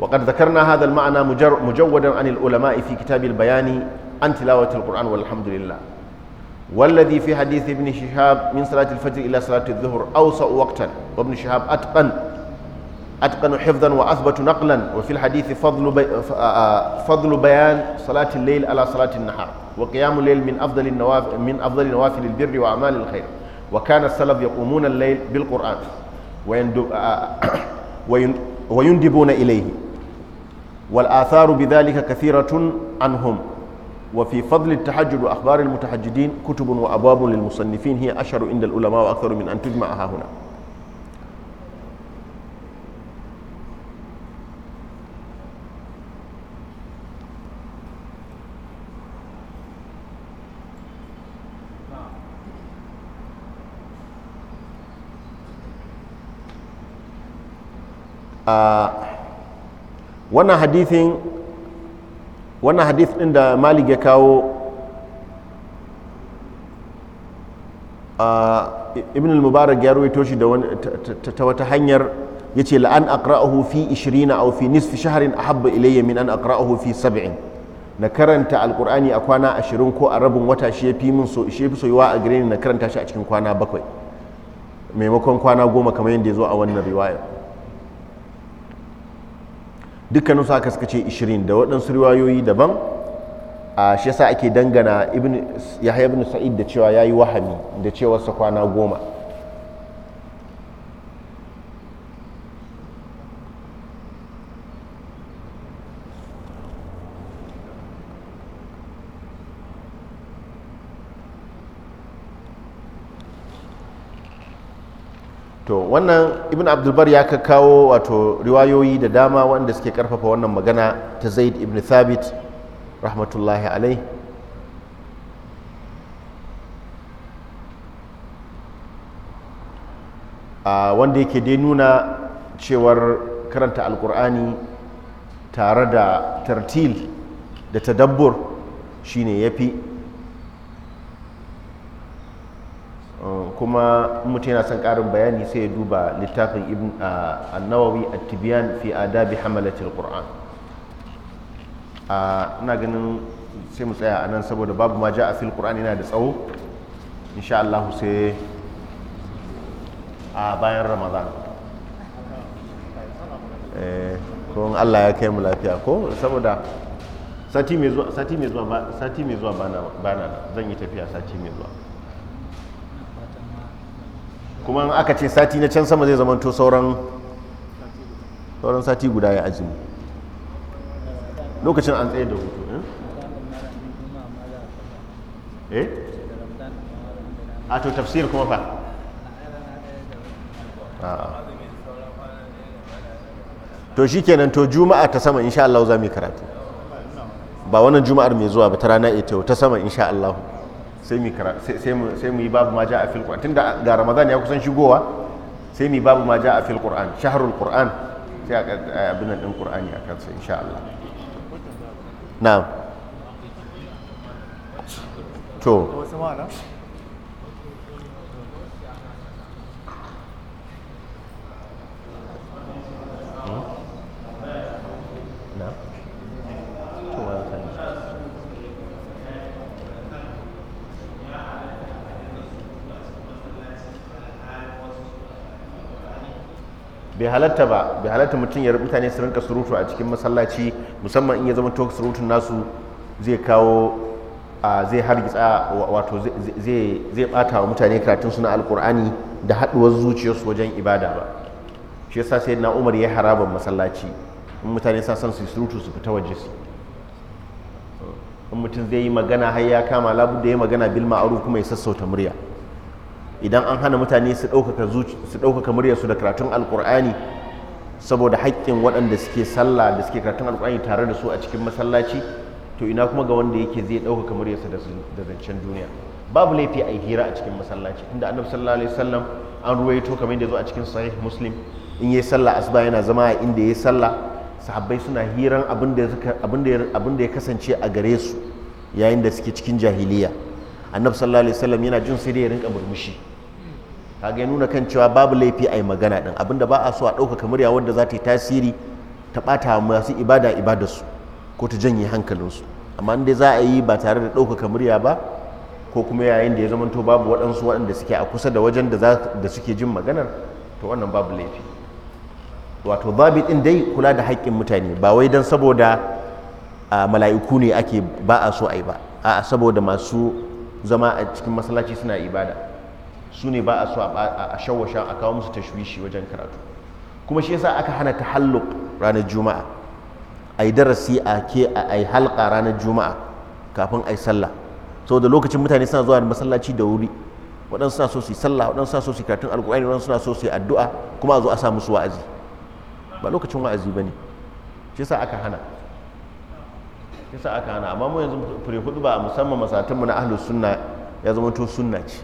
wa qad dhakarna hadha al-ma'na mujawwadan an al-ulama fi kitab al-bayani an tilawati al-qur'an walhamdulillah والذي في حديث ابن شهاب من صلاة الفجر إلى صلاة الظهر أوسع وقتا وابن شهاب أتقن أتقن حفظا وأثبت نقلا وفي الحديث فضل بي فضل بيان صلاة الليل على صلاة النهار وقيام الليل من أفضل النوافل من أفضل نوافل البر وأعمال الخير وكان السلف يقومون الليل بالقرآن ويندب... ويندبون إليه والآثار بذلك كثيرة عنهم وفي فضل التحجد وأخبار المتحجدين كتب وأبواب للمصنفين هي أشهر عند العلماء وأكثر من أن تجمعها هنا wannan hadithin wannan hadith da malik ya kawo ibn al-mubarak ya rawaito shi da ta wata hanyar ya ce la'an aqra'uhu fi 20 aw fi nisfi shahrin ahabba ilayya min an aqra'uhu fi 70 na karanta alqur'ani a kwana 20 ko a rabin wata shi yafi min so shi yafi soyuwa a gare ni na karanta shi a cikin kwana bakwai maimakon kwana goma kamar yadda ya zo a wannan riwayar dukkanin sa aka ce 20 da waɗansu riwayoyi daban a shi yasa ake dangana ibn yahya ibn sa'id da cewa yayi wahami da cewa sa kwana goma to wannan ibn abdulbar ya ka kawo wato riwayoyi da dama wanda suke karfafa wannan magana ta zaid ibn thabit rahmatullahi alai wanda yake dai nuna cewar karanta alkur'ani tare da tartil da tadabbur shine yafi kuma mutum yana son ƙarin bayani sai ya duba littafin ibn annawawi a tibiyan fi adabi hamalatil qur'an ina ganin sai mu tsaya anan saboda babu ma ja'a fil qur'an yana da tsawo insha Allah sai a bayan ramadan eh, ko Allah ya kai mu lafiya ko saboda sati mai zuwa bana bana zan yi tafiya sati mai zuwa kuma in aka ce sati na can sama zai zama sauran sauran sati guda ya azumi lokacin an tsaye da hutu eh? eh a to tafsir kuma fa to shi kenan to juma'a ta sama insha Allah za mu yi karatu ba wannan juma'ar mai zuwa ba ta rana ita ta sama insha Allah sai mu yi babu ma ja a fil qur'an tunda ga ramadan ya kusan shigowa sai mu yi babu ma ja a fil qur'an shahrul qur'an sai a abin nan din qur'ani a kansa insha Allah na'am to bai halatta ba bai halatta mutum ya mutane su rinka surutu a cikin masallaci musamman in ya zama to surutun nasu zai kawo zai hargitsa wato zai bata wa mutane karatun suna alkur'ani da haduwar zuciyarsu wajen ibada ba shi yasa sai na umar ya haraban masallaci in mutane sa son su surutu su fita waje su in mutum zai yi magana har ya kama labu da ya magana bil ma'ruf kuma ya sassauta murya idan an hana mutane su ɗaukaka su muryarsu da karatun alkur'ani saboda haƙƙin waɗanda suke sallah da suke karatun alkur'ani tare da su a cikin masallaci to ina kuma ga wanda yake zai ɗaukaka muryarsa da zancen duniya babu laifi a hira a cikin masallaci tunda annabi sallallahu alaihi wasallam an ruwaito kamar yadda zo a cikin sahih muslim in yayi sallah asuba yana zama a inda yayi sallah sahabbai suna hiran abin da ya kasance a gare su yayin da suke cikin jahiliya annabi sallallahu alaihi wasallam yana jin sai dai ya rinka murmushi kaga ya nuna kan cewa babu laifi a yi magana din abinda ba a so a ɗaukaka murya wanda za ta yi tasiri ta ɓata masu ibada ibadarsu ko ta janye hankalinsu amma inda za a yi ba tare da ɗaukaka murya ba ko kuma yayin da ya zamanto babu waɗansu waɗanda suke a kusa da wajen da suke jin maganar to wannan babu laifi wato babi ɗin dai kula da haƙƙin mutane ba wai don saboda mala'iku ne ake ba a so a yi ba a saboda masu zama a cikin masallaci suna ibada su ne ba a so a shawasha a kawo musu tashwishi wajen karatu kuma shi yasa aka hana ta halluk ranar juma'a a yi darasi a ke a yi halqa ranar juma'a kafin a yi sallah saboda lokacin mutane suna zuwa masallaci da wuri waɗansu suna so su yi sallah waɗansu suna so su yi karatun alƙur'ani waɗansu suna so su yi addu'a kuma a zo a sa musu wa'azi ba lokacin wa'azi ba ne shi yasa aka hana kisa aka hana amma mu yanzu fure hudu ba musamman masatun mu na ahlus sunna ya zama to sunna ce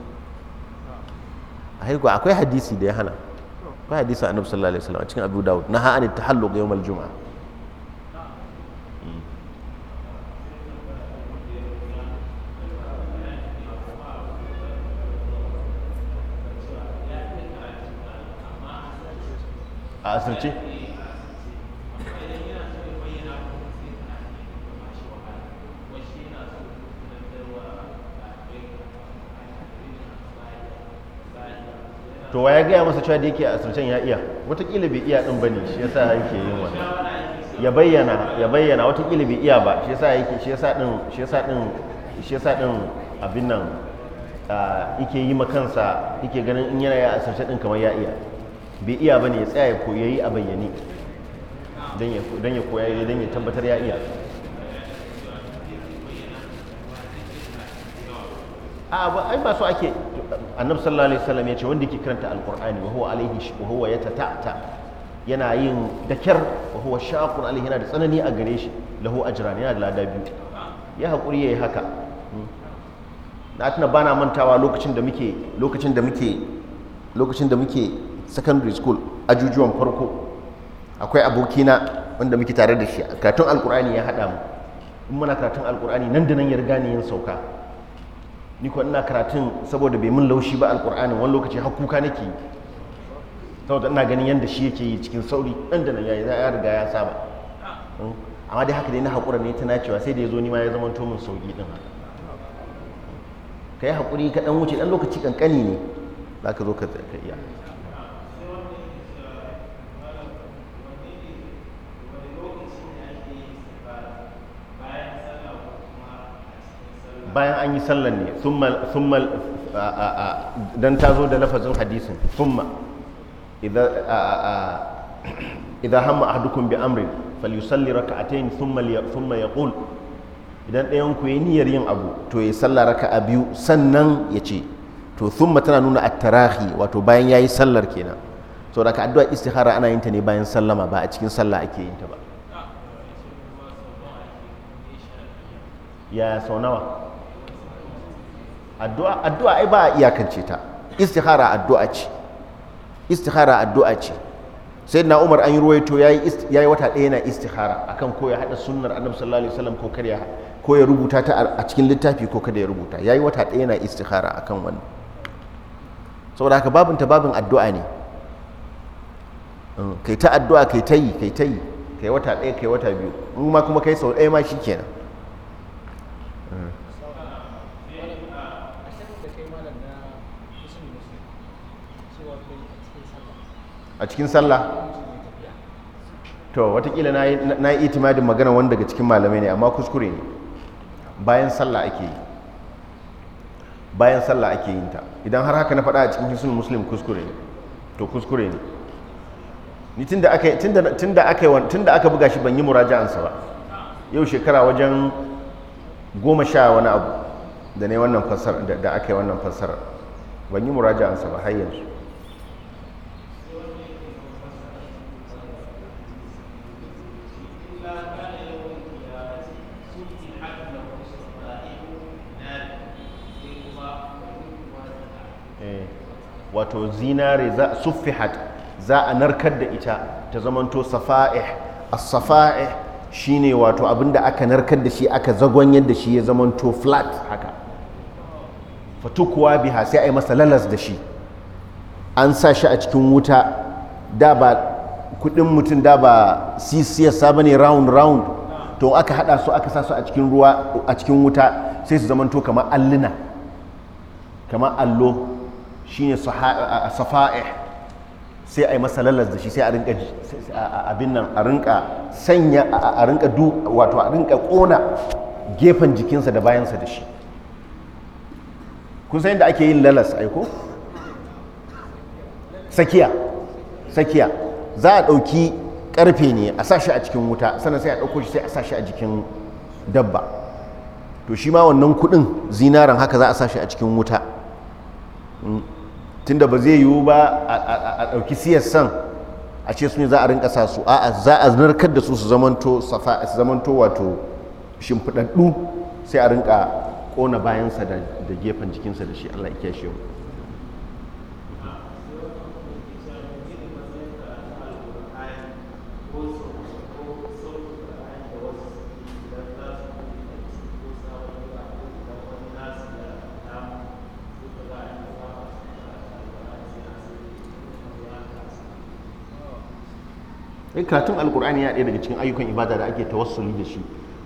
a haiku akwai hadisi da ya hana akwai hadisi annabi sallallahu alaihi wasallam cikin abu daud na ha an tahalluq yawm al-jum'a a asirce to ya gaya masa cewa da yake a asircen ya iya watakila bai iya din bane shi yasa yake yin wannan ya bayyana ya bayyana watakila bai iya ba shi yasa yake shi yasa din shi yasa din shi yasa din abin nan yake yi ma kansa yake ganin in yana ya asirce din kamar ya iya bai iya bane ya tsaya ya yi a bayyane dan ya koya dan ya tabbatar ya iya a ba ai ba so ake annabi sallallahu alaihi wasallam ya ce wanda yake karanta alqur'ani wa huwa alaihi wa huwa yatata yana yin dakar wa huwa shaqun alaihi yana da tsanani a gare shi lahu ajran yana da lada ya hakuri yayi haka hmm. na tuna bana mantawa lokacin da muke lokacin da muke lokacin da muke secondary school ajujuwan farko akwai abokina wanda muke tare da shi karatun alkur'ani ya haɗa mu in muna karatun alkur'ani nan da nan ya riga yin sauka ni ko ina karatun saboda bai mun laushi ba alkur'anin wani lokaci har kuka nake yi saboda ina ganin yadda shi yake yi cikin sauri ɗan da nan yayi ya riga ya saba hmm? amma dai haka dai na haƙura ne ta nacewa sai da ya zo ni ma ya zama min sauƙi ɗin haka ka yi haƙuri ka ɗan wuce ɗan lokaci ƙanƙani ne za ka zo ka iya bayan an yi sallar ne thumma dan ta zo da lafazin hadisin thumma idza hamma dukun bi amrin falyusalli raka'atayn thumma thumma yaqul idan ɗayan ku yayi niyyar yin abu to ya sallah raka'a biyu sannan ya ce to thumma tana nuna at-tarahi wato bayan yayi sallar kenan so da ka addu'a istihara ana yin ta ne bayan sallama ba a cikin sallah ake yin ta ba ya sau nawa addu'a addu'a ai ba a iyakance ta istikhara addu'a ce istikhara addu'a ce sai na umar an yi ruwaito ya yi wata ɗaya na istikhara akan ko ya haɗa sunnar annabi sallallahu alaihi wasallam ko kar ya ko ya rubuta ta a cikin littafi ko kada ya rubuta ya yi wata ɗaya na istikhara akan wannan saboda haka babin ta babin addu'a ne mm, kai ta addu'a kai ta yi kai ta yi kai wata ɗaya kai wata biyu mu ma kuma kai sau ɗaya ma shikenan a cikin sallah to watakila na yi itimadin magana wanda daga cikin malamai ne amma kuskure ne bayan sallah ake yi bayan sallah ake yin ta idan har haka na faɗa a cikin hisul muslim kuskure ne to kuskure ne ni tunda aka tunda aka tunda aka buga shi ban yi muraja'ansa ba yau shekara wajen goma sha wani abu da ne wannan fassara da aka yi wannan fassara ban yi muraja'ansa ba har yanzu wato zinare za suffihat za a narkar da ita ta zamanto safa'ih as-safa'ih shine wato abinda aka narkar da shi aka zagwanyar da shi ya zamanto flat haka fatukuwa biha sai a yi masa lalas da shi an sa shi a cikin wuta da ba kudin mutum da ba sisiyarsa ba ne round round to aka hada su aka sa su a cikin ruwa a cikin wuta sai su zamanto kamar alluna kamar allo shine safa'ih sai a yi masa lalas da shi sai a rinka abin nan a rinka sanya a rinka du wato a rinka kona gefen jikinsa da bayansa da shi kun san yadda ake yin lalas aiko sakiya sakiya za a ɗauki ƙarfe ne a sa shi a cikin wuta sannan sai a ɗauko shi sai a sa shi a jikin dabba to shi ma wannan kuɗin zinaran haka za a sa shi a cikin wuta hmm. tunda ba zai yiwu ba a ɗauki san a ce suna za a rinka sa su a'a za a narkar da su su zamanto safa su zamanto wato shimfiɗaɗɗu sai a rinka ƙona bayansa da gefen jikinsa da shi Allah ya kyashe in eh, karatun alkur'ani ya ɗaya daga cikin ayyukan ibada da ake tawassuli da shi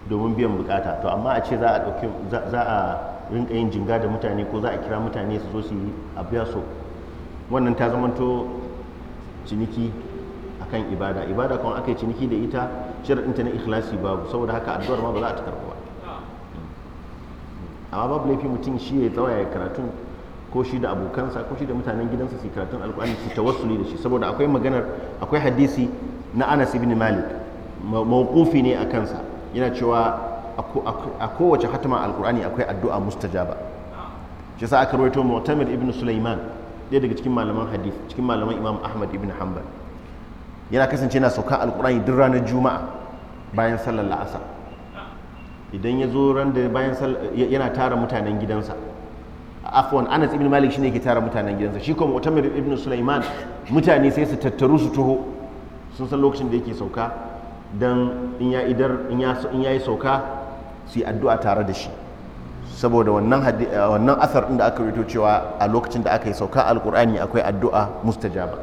domin biyan bukata to amma a ce za a ɗauki za rinka yin jinga da mutane ko za a kira mutane su zo su yi a biya so wannan ta to ciniki akan ibada ibada kuma aka yi ciniki da ita shirar ta na ikhlasi babu saboda haka addu'ar ma ba za a ta ba hmm. amma babu laifi mutum shi ya tsawaya ya karatun ko shi da abokansa ko shi da mutanen gidansa su karatun alkur'ani su tawassuli da shi saboda akwai maganar akwai hadisi na anas ibn malik mawqufi ne a kansa yana cewa a kowace hatima alkur'ani akwai addu'a mustajaba shi sa aka rawaito mu'tamir ibn sulaiman ɗaya daga cikin malaman hadith cikin malaman imam ahmad ibn hanbal yana kasance yana saukan alkur'ani duk ranar juma'a bayan sallar la'asar idan ya zo ran da bayan yana tara mutanen gidansa afwan anas ibn malik shine ke tara mutanen gidansa shi kuma mu'tamir ibn sulaiman mutane sai su tattaru su taho sun san lokacin da yake sauka don in ya idar in ya yi sauka su yi addu'a tare da shi saboda wannan eh, asar ɗin da aka rito cewa a lokacin da aka yi sauka alkur'ani akwai addu'a mustajaba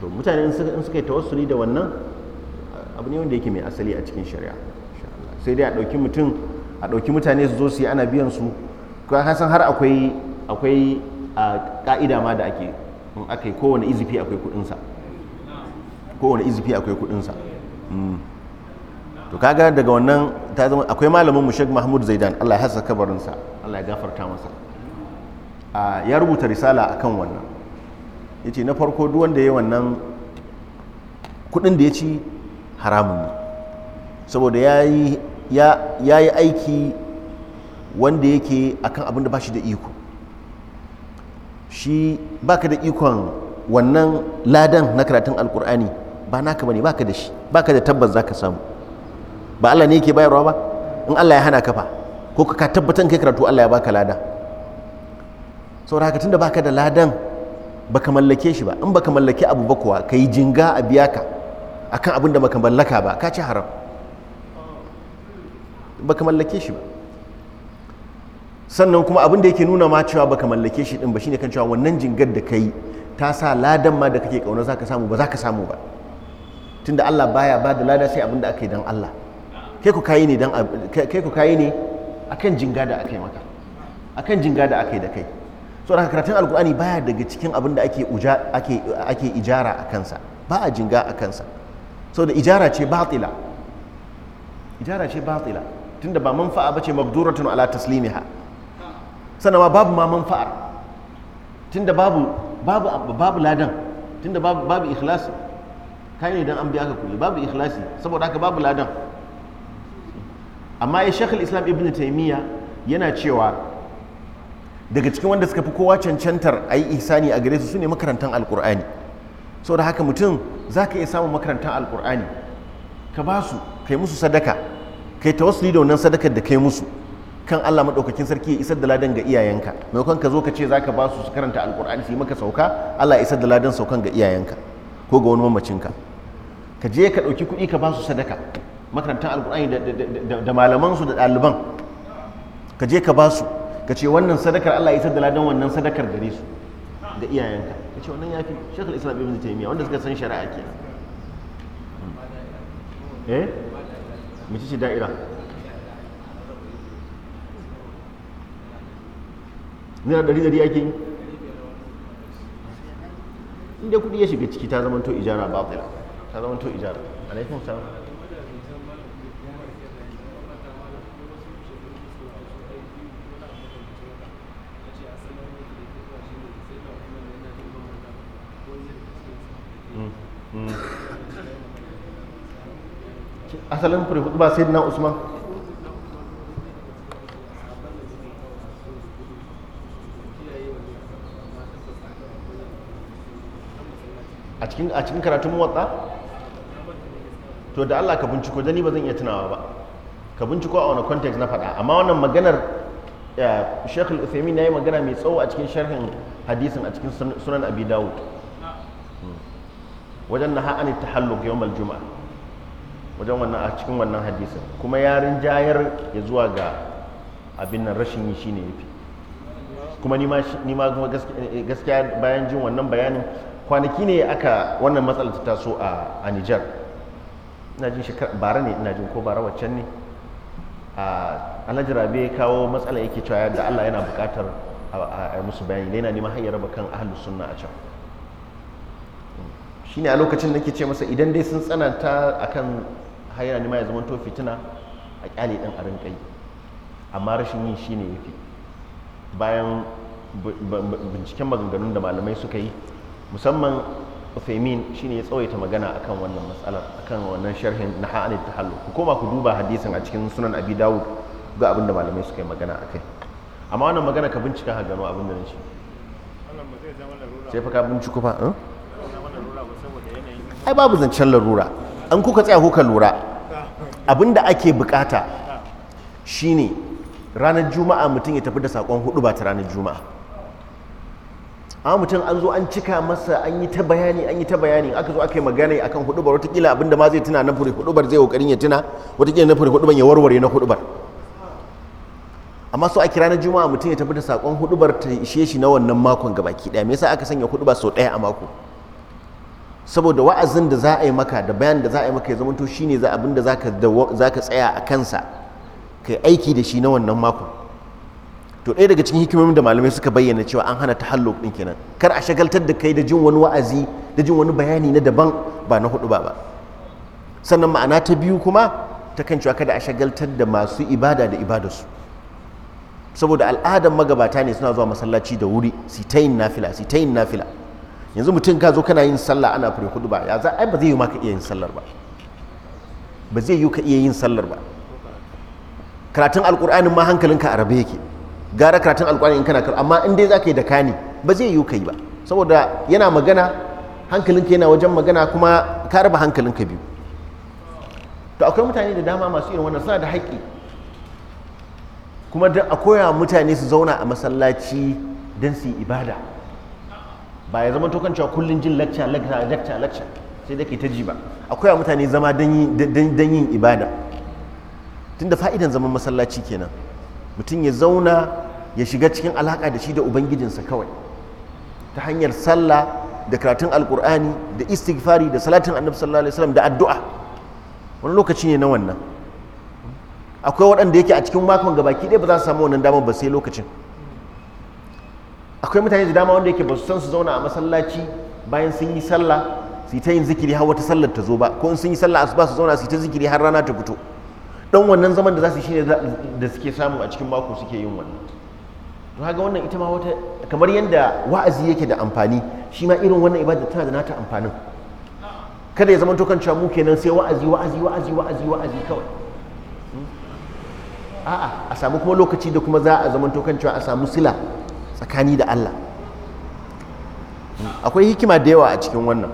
to mutane in suka yi tawassuli da wannan eh, abu ne wanda yake mai asali a cikin shari'a sai dai a ɗauki mutum a ɗauki mutane su zo su yi ana biyan su ka san har akwai akwai a eh, ka'ida ma da ake in aka yi kowane izifi akwai kuɗinsa kowane izifi akwai kudinsa mm. to kaga daga wannan ta zama akwai malamin mushek mahmud zaidan allah ya hasa kabarinsa allah ya gafarta masa ya rubuta risala akan wannan ya ce na farko duk wanda ya yi wannan kudin da ya ci haramun ne saboda ya yi aiki wanda yake akan abin da ba shi da iko shi baka da ikon wannan ladan na karatun alkur'ani ba naka bane baka da shi baka da tabbas zaka samu ba Allah ne yake bayarwa ba in Allah ya hana ka fa ko ka tabbatan kai karatu Allah ya baka lada saboda haka tunda baka da ladan baka mallake shi ba in baka mallake abu ba kuwa kai jinga a biya ka akan abin da baka mallaka ba ka ci haram baka mallake shi ba sannan kuma abin da yake nuna ma cewa baka mallake shi din ba shine kan cewa wannan jingar da kai ta sa ladan ma da kake kauna zaka samu ba zaka samu ba tunda Allah baya ba da lada sai abin da aka yi don Allah kai ku kayi ne don kai ku kayi ne akan jinga da aka yi maka akan jinga da aka yi da kai so da karatun alkur'ani baya daga cikin abin da ake uja ake ake ijara a kansa ba a jinga a kansa so da ijara ce batila ijara ce batila tunda ba manfa'a bace magduratun ala taslimiha sanawa babu ma manfa'ar tunda babu babu babu ladan tunda babu babu ikhlasi kai ne dan an biya ka kuɗi babu ikhlasi saboda haka babu ladan amma ya shekul islam ibn taimiyya yana cewa daga cikin wanda suka fi kowa cancantar a yi ihsani a gare su su ne makarantar alkur'ani saboda haka mutum za ka iya samun makarantar alkur'ani ka ba su kai musu sadaka kai wasu da wannan sadakar da kai musu kan Allah maɗaukakin sarki ya isar da ladan ga iyayenka maimakon ka zo ka ce za ka ba su su karanta alkur'ani su yi maka sauka Allah ya isar da ladan saukan ga iyayenka ko ga wani mamacinka ka je ka ɗauki kuɗi ka ba su sadaka makarantar Alƙur'ani da malamansu da ɗaliban ka je ka ba su ka ce wannan sadakar Allah ya da ladan wannan sadakar gare su ga iyayenka ka ce wannan ya yafi shekul islam ibn taymiya wanda suka san shari'a ke hmm. eh mace ce da'ira naira dari ake yi inda kudi ya shiga ciki ta zama to ijara batila ta zama to ijara a laifin salam hmm. Hmm. asalin fure hudu ba sai na usman a cikin a cikin karatun motsa to da Allah ka binciko dani ba zan iya tunawa ba ka binciko a wani context na faɗa amma wannan maganar Sheikh Al-Uthaymeen yayi magana mai tsawo a cikin sharhin hadisin a cikin sunan Abi Dawud hmm. wajen na an tahalluq yawm al-jum'a wajen wannan a cikin wannan hadisin kuma yarin jayar ya zuwa ga abin nan rashin yi shine yafi kuma ni ma gaskiya bayan jin wannan bayanin kwanaki ne aka wannan matsala ta taso a Nijar ina jin shekara bara ne ina jin ko bara waccan ne a Alhaji Rabe kawo matsala yake cewa yadda Allah yana bukatar a musu bayani da yana neman hanyar ba kan ahlus sunna a can shine a lokacin da nake ce masa idan dai sun tsananta akan hanyar neman ya zama to fitina a kyale ɗin a rinƙa amma rashin yin shine yafi bayan binciken maganganun da malamai suka yi musamman Uthaymin shine ya tsawaita magana akan wannan matsalar akan wannan sharhin na ha'anit tahallul ku koma ku duba hadisin a cikin sunan Abi Dawud ga abin da malamai suka yi magana akai amma wannan magana ka bincika ha gano abin da shi sai fa ka binciko fa eh? ai babu zancen larura an kuka tsaya kuka lura ah. abin da ake bukata shine ranar juma'a mutum ya tafi da sakon hudu ba ta ranar juma'a a mutum an zo an cika masa an yi ta bayani an yi ta bayani aka zo aka yi magana akan hudubar watakila abinda ma zai tuna na fure hudubar zai kokarin ya tuna watakila na fure hudubar ya warware na hudubar amma so a kira na juma'a mutum ya tafi da sakon hudubar ta ishe shi na wannan makon gabaki daya me yasa aka sanya huduba sau daya a mako saboda wa'azin da za a yi maka da bayan da za a yi maka ya zamanto shine za abin da za ka tsaya a kansa kai aiki da shi na wannan makon to ɗaya daga cikin hikimomin da malamai suka bayyana cewa an hana ta hallo ɗin kenan kar a shagaltar da kai da jin wani wa'azi da jin wani bayani na daban ba na hudu ba ba sannan ma'ana ta biyu kuma ta kan cewa kada a shagaltar da masu ibada da ibadarsu saboda al'adar magabata ne suna zuwa masallaci da wuri su ta yin nafila su ta yin nafila yanzu mutum ka zo kana yin sallah ana fure hudu ba ya za ai ba zai yi ma iya yin sallar ba ba zai yi ka iya yin sallar ba karatun alkur'anin ma hankalinka a rabe yake gara karatun alkwani in kana karatu amma in dai zaka yi da kani ba zai yiwu kai ba saboda yana magana hankalinka yana wajen magana kuma ka raba hankalinka biyu to akwai mutane da dama masu irin wannan suna da haƙƙi kuma a koya mutane su zauna a masallaci don su yi ibada ba ya zama tokan cewa kullum jin lacca lacca lacca sai da ke ta ji ba a koya mutane zama don yin ibada tunda fa'idan zaman masallaci kenan mutum ya zauna ya shiga cikin alaƙa da shi da ubangijinsa kawai ta hanyar sallah da karatun alkur'ani da istighfari da salatin annabi sallallahu alaihi wasallam da addu'a wani lokaci ne na wannan akwai waɗanda yake a cikin makon gabaki ɗaya ba za su samu wannan damar ba sai lokacin akwai mutane da dama wanda yake ba su san su zauna a masallaci bayan sun yi sallah su ta yin zikiri har wata sallar ta zo ba ko in sun yi sallah asuba su zauna su ta zikiri har rana ta fito dan wannan zaman da za su shi da suke samu a cikin mako suke yin wannan to wannan ita ma wata kamar yadda wa'azi yake da amfani shi ma irin wannan ibada tana da nata amfanin kada ya zama tokan camu mu kenan sai wa'azi wa'azi wa'azi wa'azi wa'azi kawai a'a a samu kuma lokaci da kuma za a zama tokan cewa a samu sila tsakani da Allah akwai hikima da yawa a cikin wannan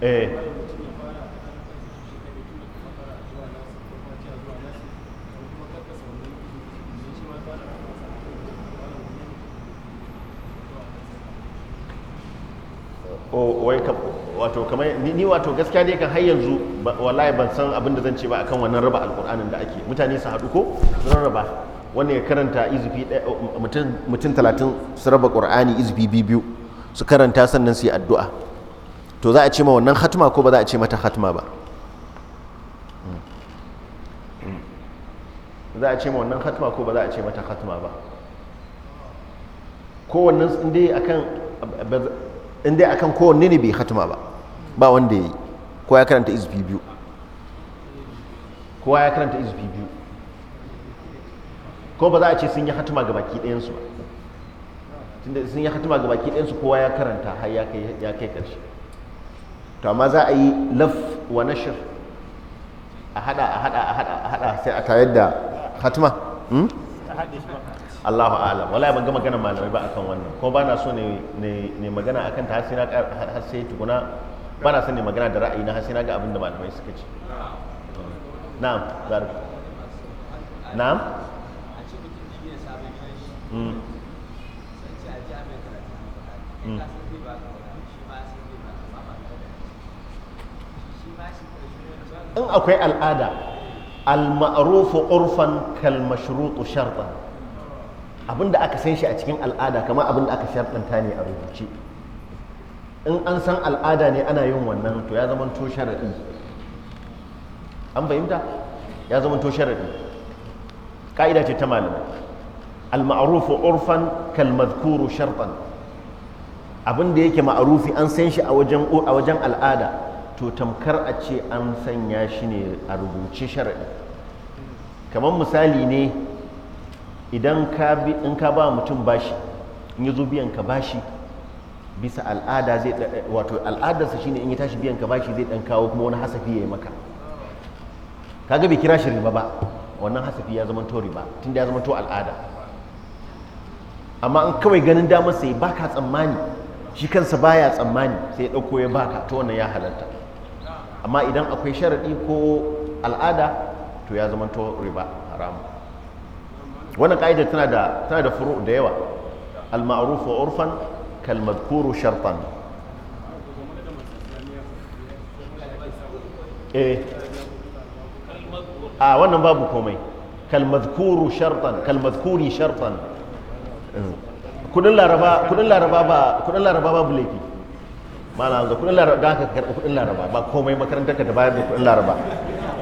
eh wato kamar ni wato gaskiya dai kan har yanzu wallahi ban san abin da zan ce ba akan wannan raba alkur'anin da ake mutane su haɗu ko zan raba wannan ya karanta izufi um, um, mutum talatin su raba ƙur'ani izufi biyu su karanta sannan su yi addu'a to za a ce ma wannan hatma ko ba za a ce mata hatma ba hmm. za a ce ma wannan hatma ko ba za a ce mata hatma ba dai akan in dai akan kowanne ne bai hatima ba ba wanda ya yi ko ya karanta izufi biyu kowa ya karanta izufi biyu ko ba za a ce sun yi hatima ga baki ɗayansu ba tunda sun yi hatima ga baki ɗayansu kowa ya karanta har ya kai ya kai ƙarshe to amma za a yi laf wa nashir a hada a hada a hada a hada sai a tayar da hatima hmm? Allahu a'lam wallahi ban ga magana malamai ba akan wannan ko ba na so ne ne magana akan ta sai na har sai tukuna ba na so ne magana da ra'ayi na har sai na ga abin da malamai suka ce na'am zar na'am hmm. Hmm. in akwai al'ada al-ma'rufu urfan kal mashrutu shartan abin da aka san shi a cikin al'ada kama abin da aka sharɗanta ne a rubuce in an san al'ada ne ana yin wannan to ya zama to sharaɗi an fahimta ya zama to sharaɗi ƙa'ida ce ta malamai al-ma'rufu urfan kal madhkuru shartan abin da yake ma'arufi an san shi a wajen a wajen al'ada to tamkar a ce an sanya shi ne a rubuce sharaɗi kamar misali ne idan ka ba mutum bashi in yi zo biyan ka bashi bisa al'ada zai wato al'adarsa shine in ya tashi biyan ka bashi zai dan kawo kuma wani hasafi ya yi maka kaga bai kira shi riba ba wannan hasafi ya zama to riba tunda ya zama to al'ada amma in kawai ganin damar sai baka tsammani shi kansa baya tsammani sai ya dauko ya baka to wannan ya halarta amma idan akwai sharadi ko al'ada to ya zama to riba haramu wannan ka'ida tana da tana da furu da yawa al ma'ruf wa urfan kal shartan eh a ah, wannan babu komai kal madhkuru shartan kal shartan eh. kudin laraba kudin laraba ba kudin laraba babu laifi mana da kudin laraba da kudin laraba ba komai makarantar ka da bayar da kudin laraba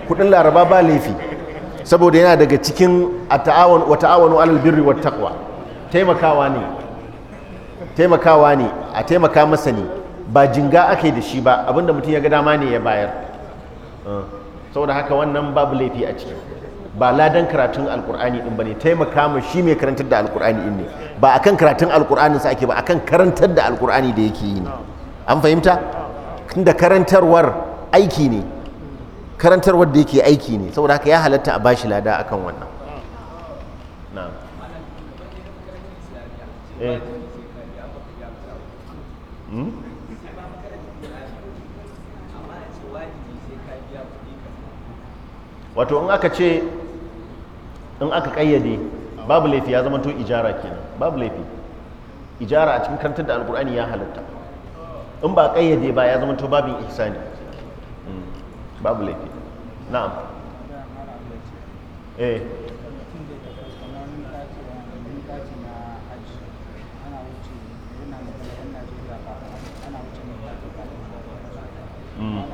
kudin laraba ba laifi saboda yana daga cikin wa ta'awanu alal birri wa taqwa taimakawa ne taimakawa ne a taimaka masa ne ba jinga ake da shi ba abinda mutum ya ga dama ne ya bayar uh, saboda haka wannan babu laifi a ciki ba ladan karatun alkur'ani din bane taimaka ma shi mai karantar da alkur'ani din ne ba akan karatun alkur'anin sa ake ba akan karantar da alkur'ani da yake yi ne an fahimta tunda karantarwar aiki ne karantar wadda yake aiki ne saboda haka ya halatta a bashi lada akan wannan eh. hmm? wato in aka ce in aka kayyade babu laifi ya zama to ijara kenan babu laifi ijara a cikin karantar da alkur'ani ya halatta in ba kayyade ba ya zama to babin ihsani hmm. babu laifi na'am eh hmm.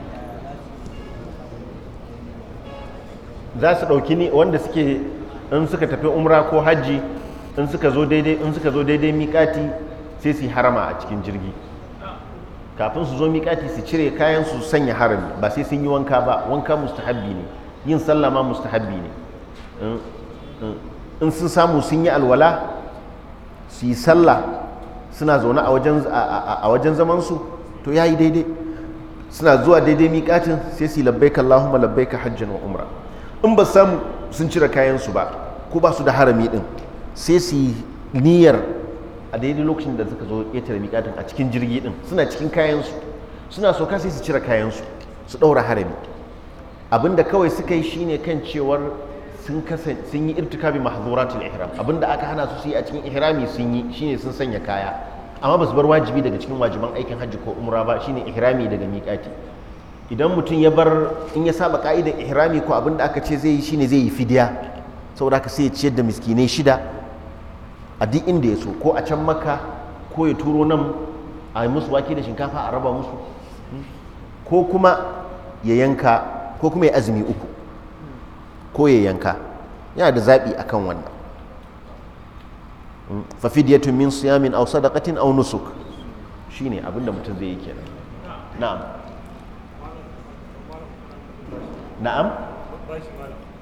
za su ɗauki ni wanda suke in suka tafi umra ko hajji in suka zo daidai in suka zo daidai miƙati sai su yi harama a cikin jirgi kafin su zo miƙati su cire kayan su sanya harami ba sai sun yi wanka ba wanka mustahabbi ne yin sallah ma mustahabbi ne in sun samu sun yi alwala su yi sallah suna zaune a wajen zamansu to ya yi daidai suna zuwa daidai miƙatin sai su yi labbaika Allahumma labbaika hajjan wa umra in ba samu sun cire kayan su ba ko ba su da harami din sai su yi niyyar a daidai lokacin da suka zo ƙetare miƙatin a cikin jirgi ɗin suna cikin kayansu suna so sai su cire kayansu su ɗaura harami abinda kawai suka yi shine kan cewar sun sun yi irtikabi mahzuratul ihram da aka hana su su yi a cikin ihrami sun yi shine sun sanya kaya amma ba su bar wajibi daga cikin wajiban aikin hajji ko umra ba shine ihrami daga miƙati idan mutum ya bar in ya saba ka'idar ihrami ko da aka ce zai yi shine zai yi fidiya saboda haka sai ya ciyar da miskinai shida a duk inda ya so ko a can maka ko ya turo nan a musu wake da shinkafa a raba musu ko kuma ya yanka ko kuma ya azumi uku ko ya yanka yana da zaɓi a kan wannan fafidiyatun min siyamin da sadaqatin au nusuk shine abinda mutum zai yi kenan na'am na'am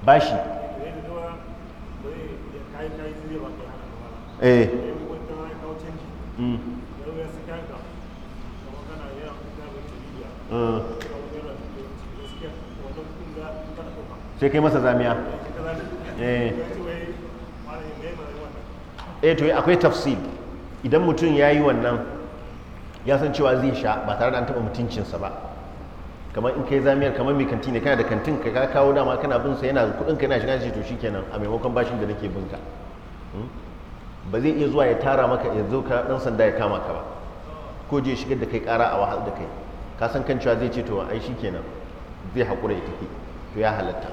bashi bashi eh mm. sai kai masa zamiya eh. eh to akwai tafsir idan mutum ya yi wannan ya san cewa zai sha ba tare da an taba mutuncinsa ba kamar in kai zamiyar kamar mai kanti ne kana da kantin ka kawo dama kana bin sa yana kudin ka yana shiga shi to shikenan a maimakon bashin da nake bin ka hmm? ba zai iya zuwa ya tara maka ya zo ka dan sanda ya kama ka ba ko je shigar da kai kara a wahal da kai ka san kan cewa zai ce to ai kenan zai haƙura ya tafi to ya halatta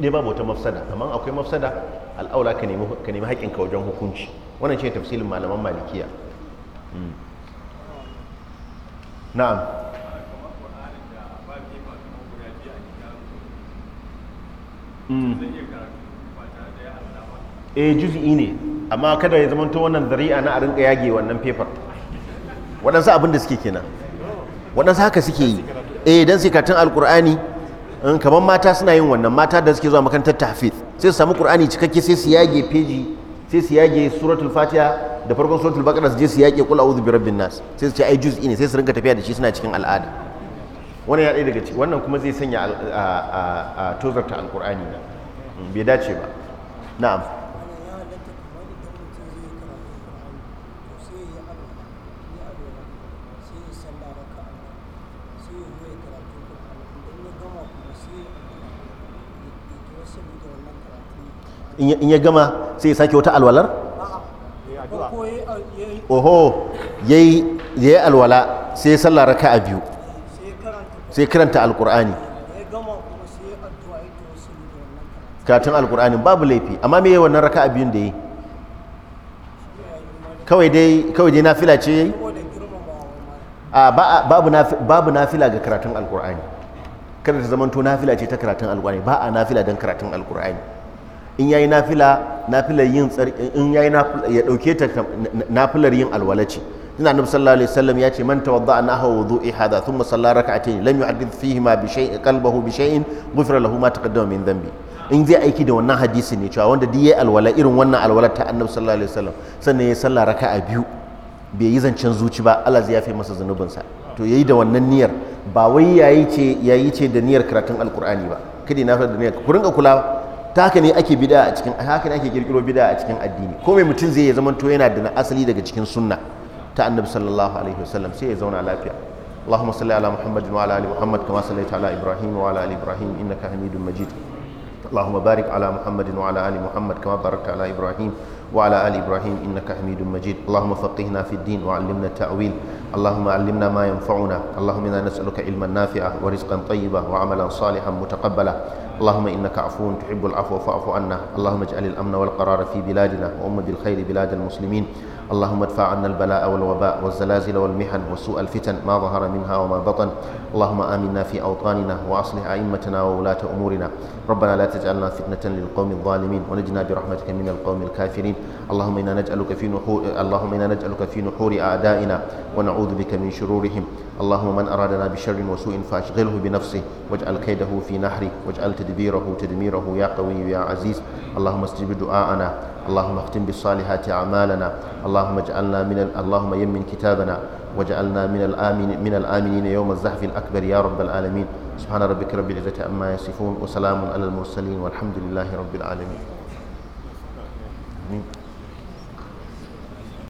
dai babu wata mafsada amma akwai mafsada al'aula ka nemi ka nemi haƙƙinka wajen hukunci wannan ce tafsilin malaman malikiya hmm. na'am hmm. eh juz'i ne amma kada ya zamanto wannan zari'a na a rinka yage wannan paper waɗansu abin da suke kenan waɗansu haka suke yi eh dan sai karatun alkur'ani kamar mata suna yin wannan mata da suke zuwa makarantar tahfiz sai su samu qur'ani cikakke sai su yage peji sai su yage suratul fatiha da farkon suratul baqara su je su yage qul a'udhu birabbin nas sai su ce ai juz'i ne sai su rinka tafiya da shi suna cikin al'ada wannan ya daga ciki wannan kuma zai sanya a tozarta alkur'ani na bai dace ba na'am in ya gama sai ya sake wata alwalar oho ya yi alwala sai ya sallara ka a biyu sai karanta alkur'ani katin alkur'ani babu laifi amma me wannan raka a biyun da yi kawai dai na fila ce ya yi babu nafila ga karatun alkur'ani kada ta zamanto nafila ce ta karatun alkur'ani ba a nafila don karatun alkur'ani in yayi nafila nafilar yin in yayi ya dauke ta nafilar yin alwalaci Ina annabi sallallahu alaihi wasallam yace ce man tawadda'a nahwa wudu'i hadha thumma salla rak'atayn lam yu'addith fihi ma bi shay'in qalbahu bi shay'in ghufira lahu ma taqaddama min dhanbi in zai aiki da wannan hadisi ne cewa wanda duk yayi alwala irin wannan alwala ta annabi sallallahu alaihi wasallam sannan ya salla raka'a biyu bai yi zancen zuci ba Allah zai yafe masa zanubinsa to yayi da wannan niyyar ba wai yayi ce yayi ce da niyyar karatun alqur'ani ba kidi na fara da niyyar ku ringa kula ta haka ne ake bid'a a cikin haka ne ake kirkiro bid'a a cikin addini ko mai mutum zai zama to yana da asali daga cikin sunna ta annabi sallallahu alaihi wasallam sai ya zauna lafiya اللهم صل على محمد وعلى ال محمد كما صليت على ابراهيم وعلى ال ابراهيم انك حميد مجيد اللهم بارك على محمد وعلى ال محمد كما باركت على ابراهيم وعلى آل إبراهيم إنك حميد مجيد اللهم فقهنا في الدين وعلمنا التأويل اللهم علمنا ما ينفعنا اللهم إنا نسألك علما نافعا ورزقا طيبا وعملا صالحا متقبلا اللهم إنك عفو تحب العفو فاعف عنا اللهم اجعل الأمن والقرار في بلادنا وأم بالخير بلاد المسلمين اللهم ادفع عنا البلاء والوباء والزلازل والمحن وسوء الفتن ما ظهر منها وما بطن اللهم آمنا في أوطاننا وأصلح أئمتنا وولاة أمورنا ربنا لا تجعلنا فتنة للقوم الظالمين ونجنا برحمتك من القوم الكافرين اللهم إنا نجعلك في نحور اللهم إنا نجعلك في نحور أعدائنا ونعوذ بك من شرورهم اللهم من أرادنا بشر وسوء فأشغله بنفسه واجعل كيده في نحره واجعل تدبيره تدميره يا قوي يا عزيز اللهم استجب دعاءنا اللهم اختم بالصالحات أعمالنا اللهم اجعلنا من ال... اللهم يمن كتابنا واجعلنا من الآمن من الآمنين يوم الزحف الأكبر يا رب العالمين سبحان ربك رب العزة عما يصفون وسلام على المرسلين والحمد لله رب العالمين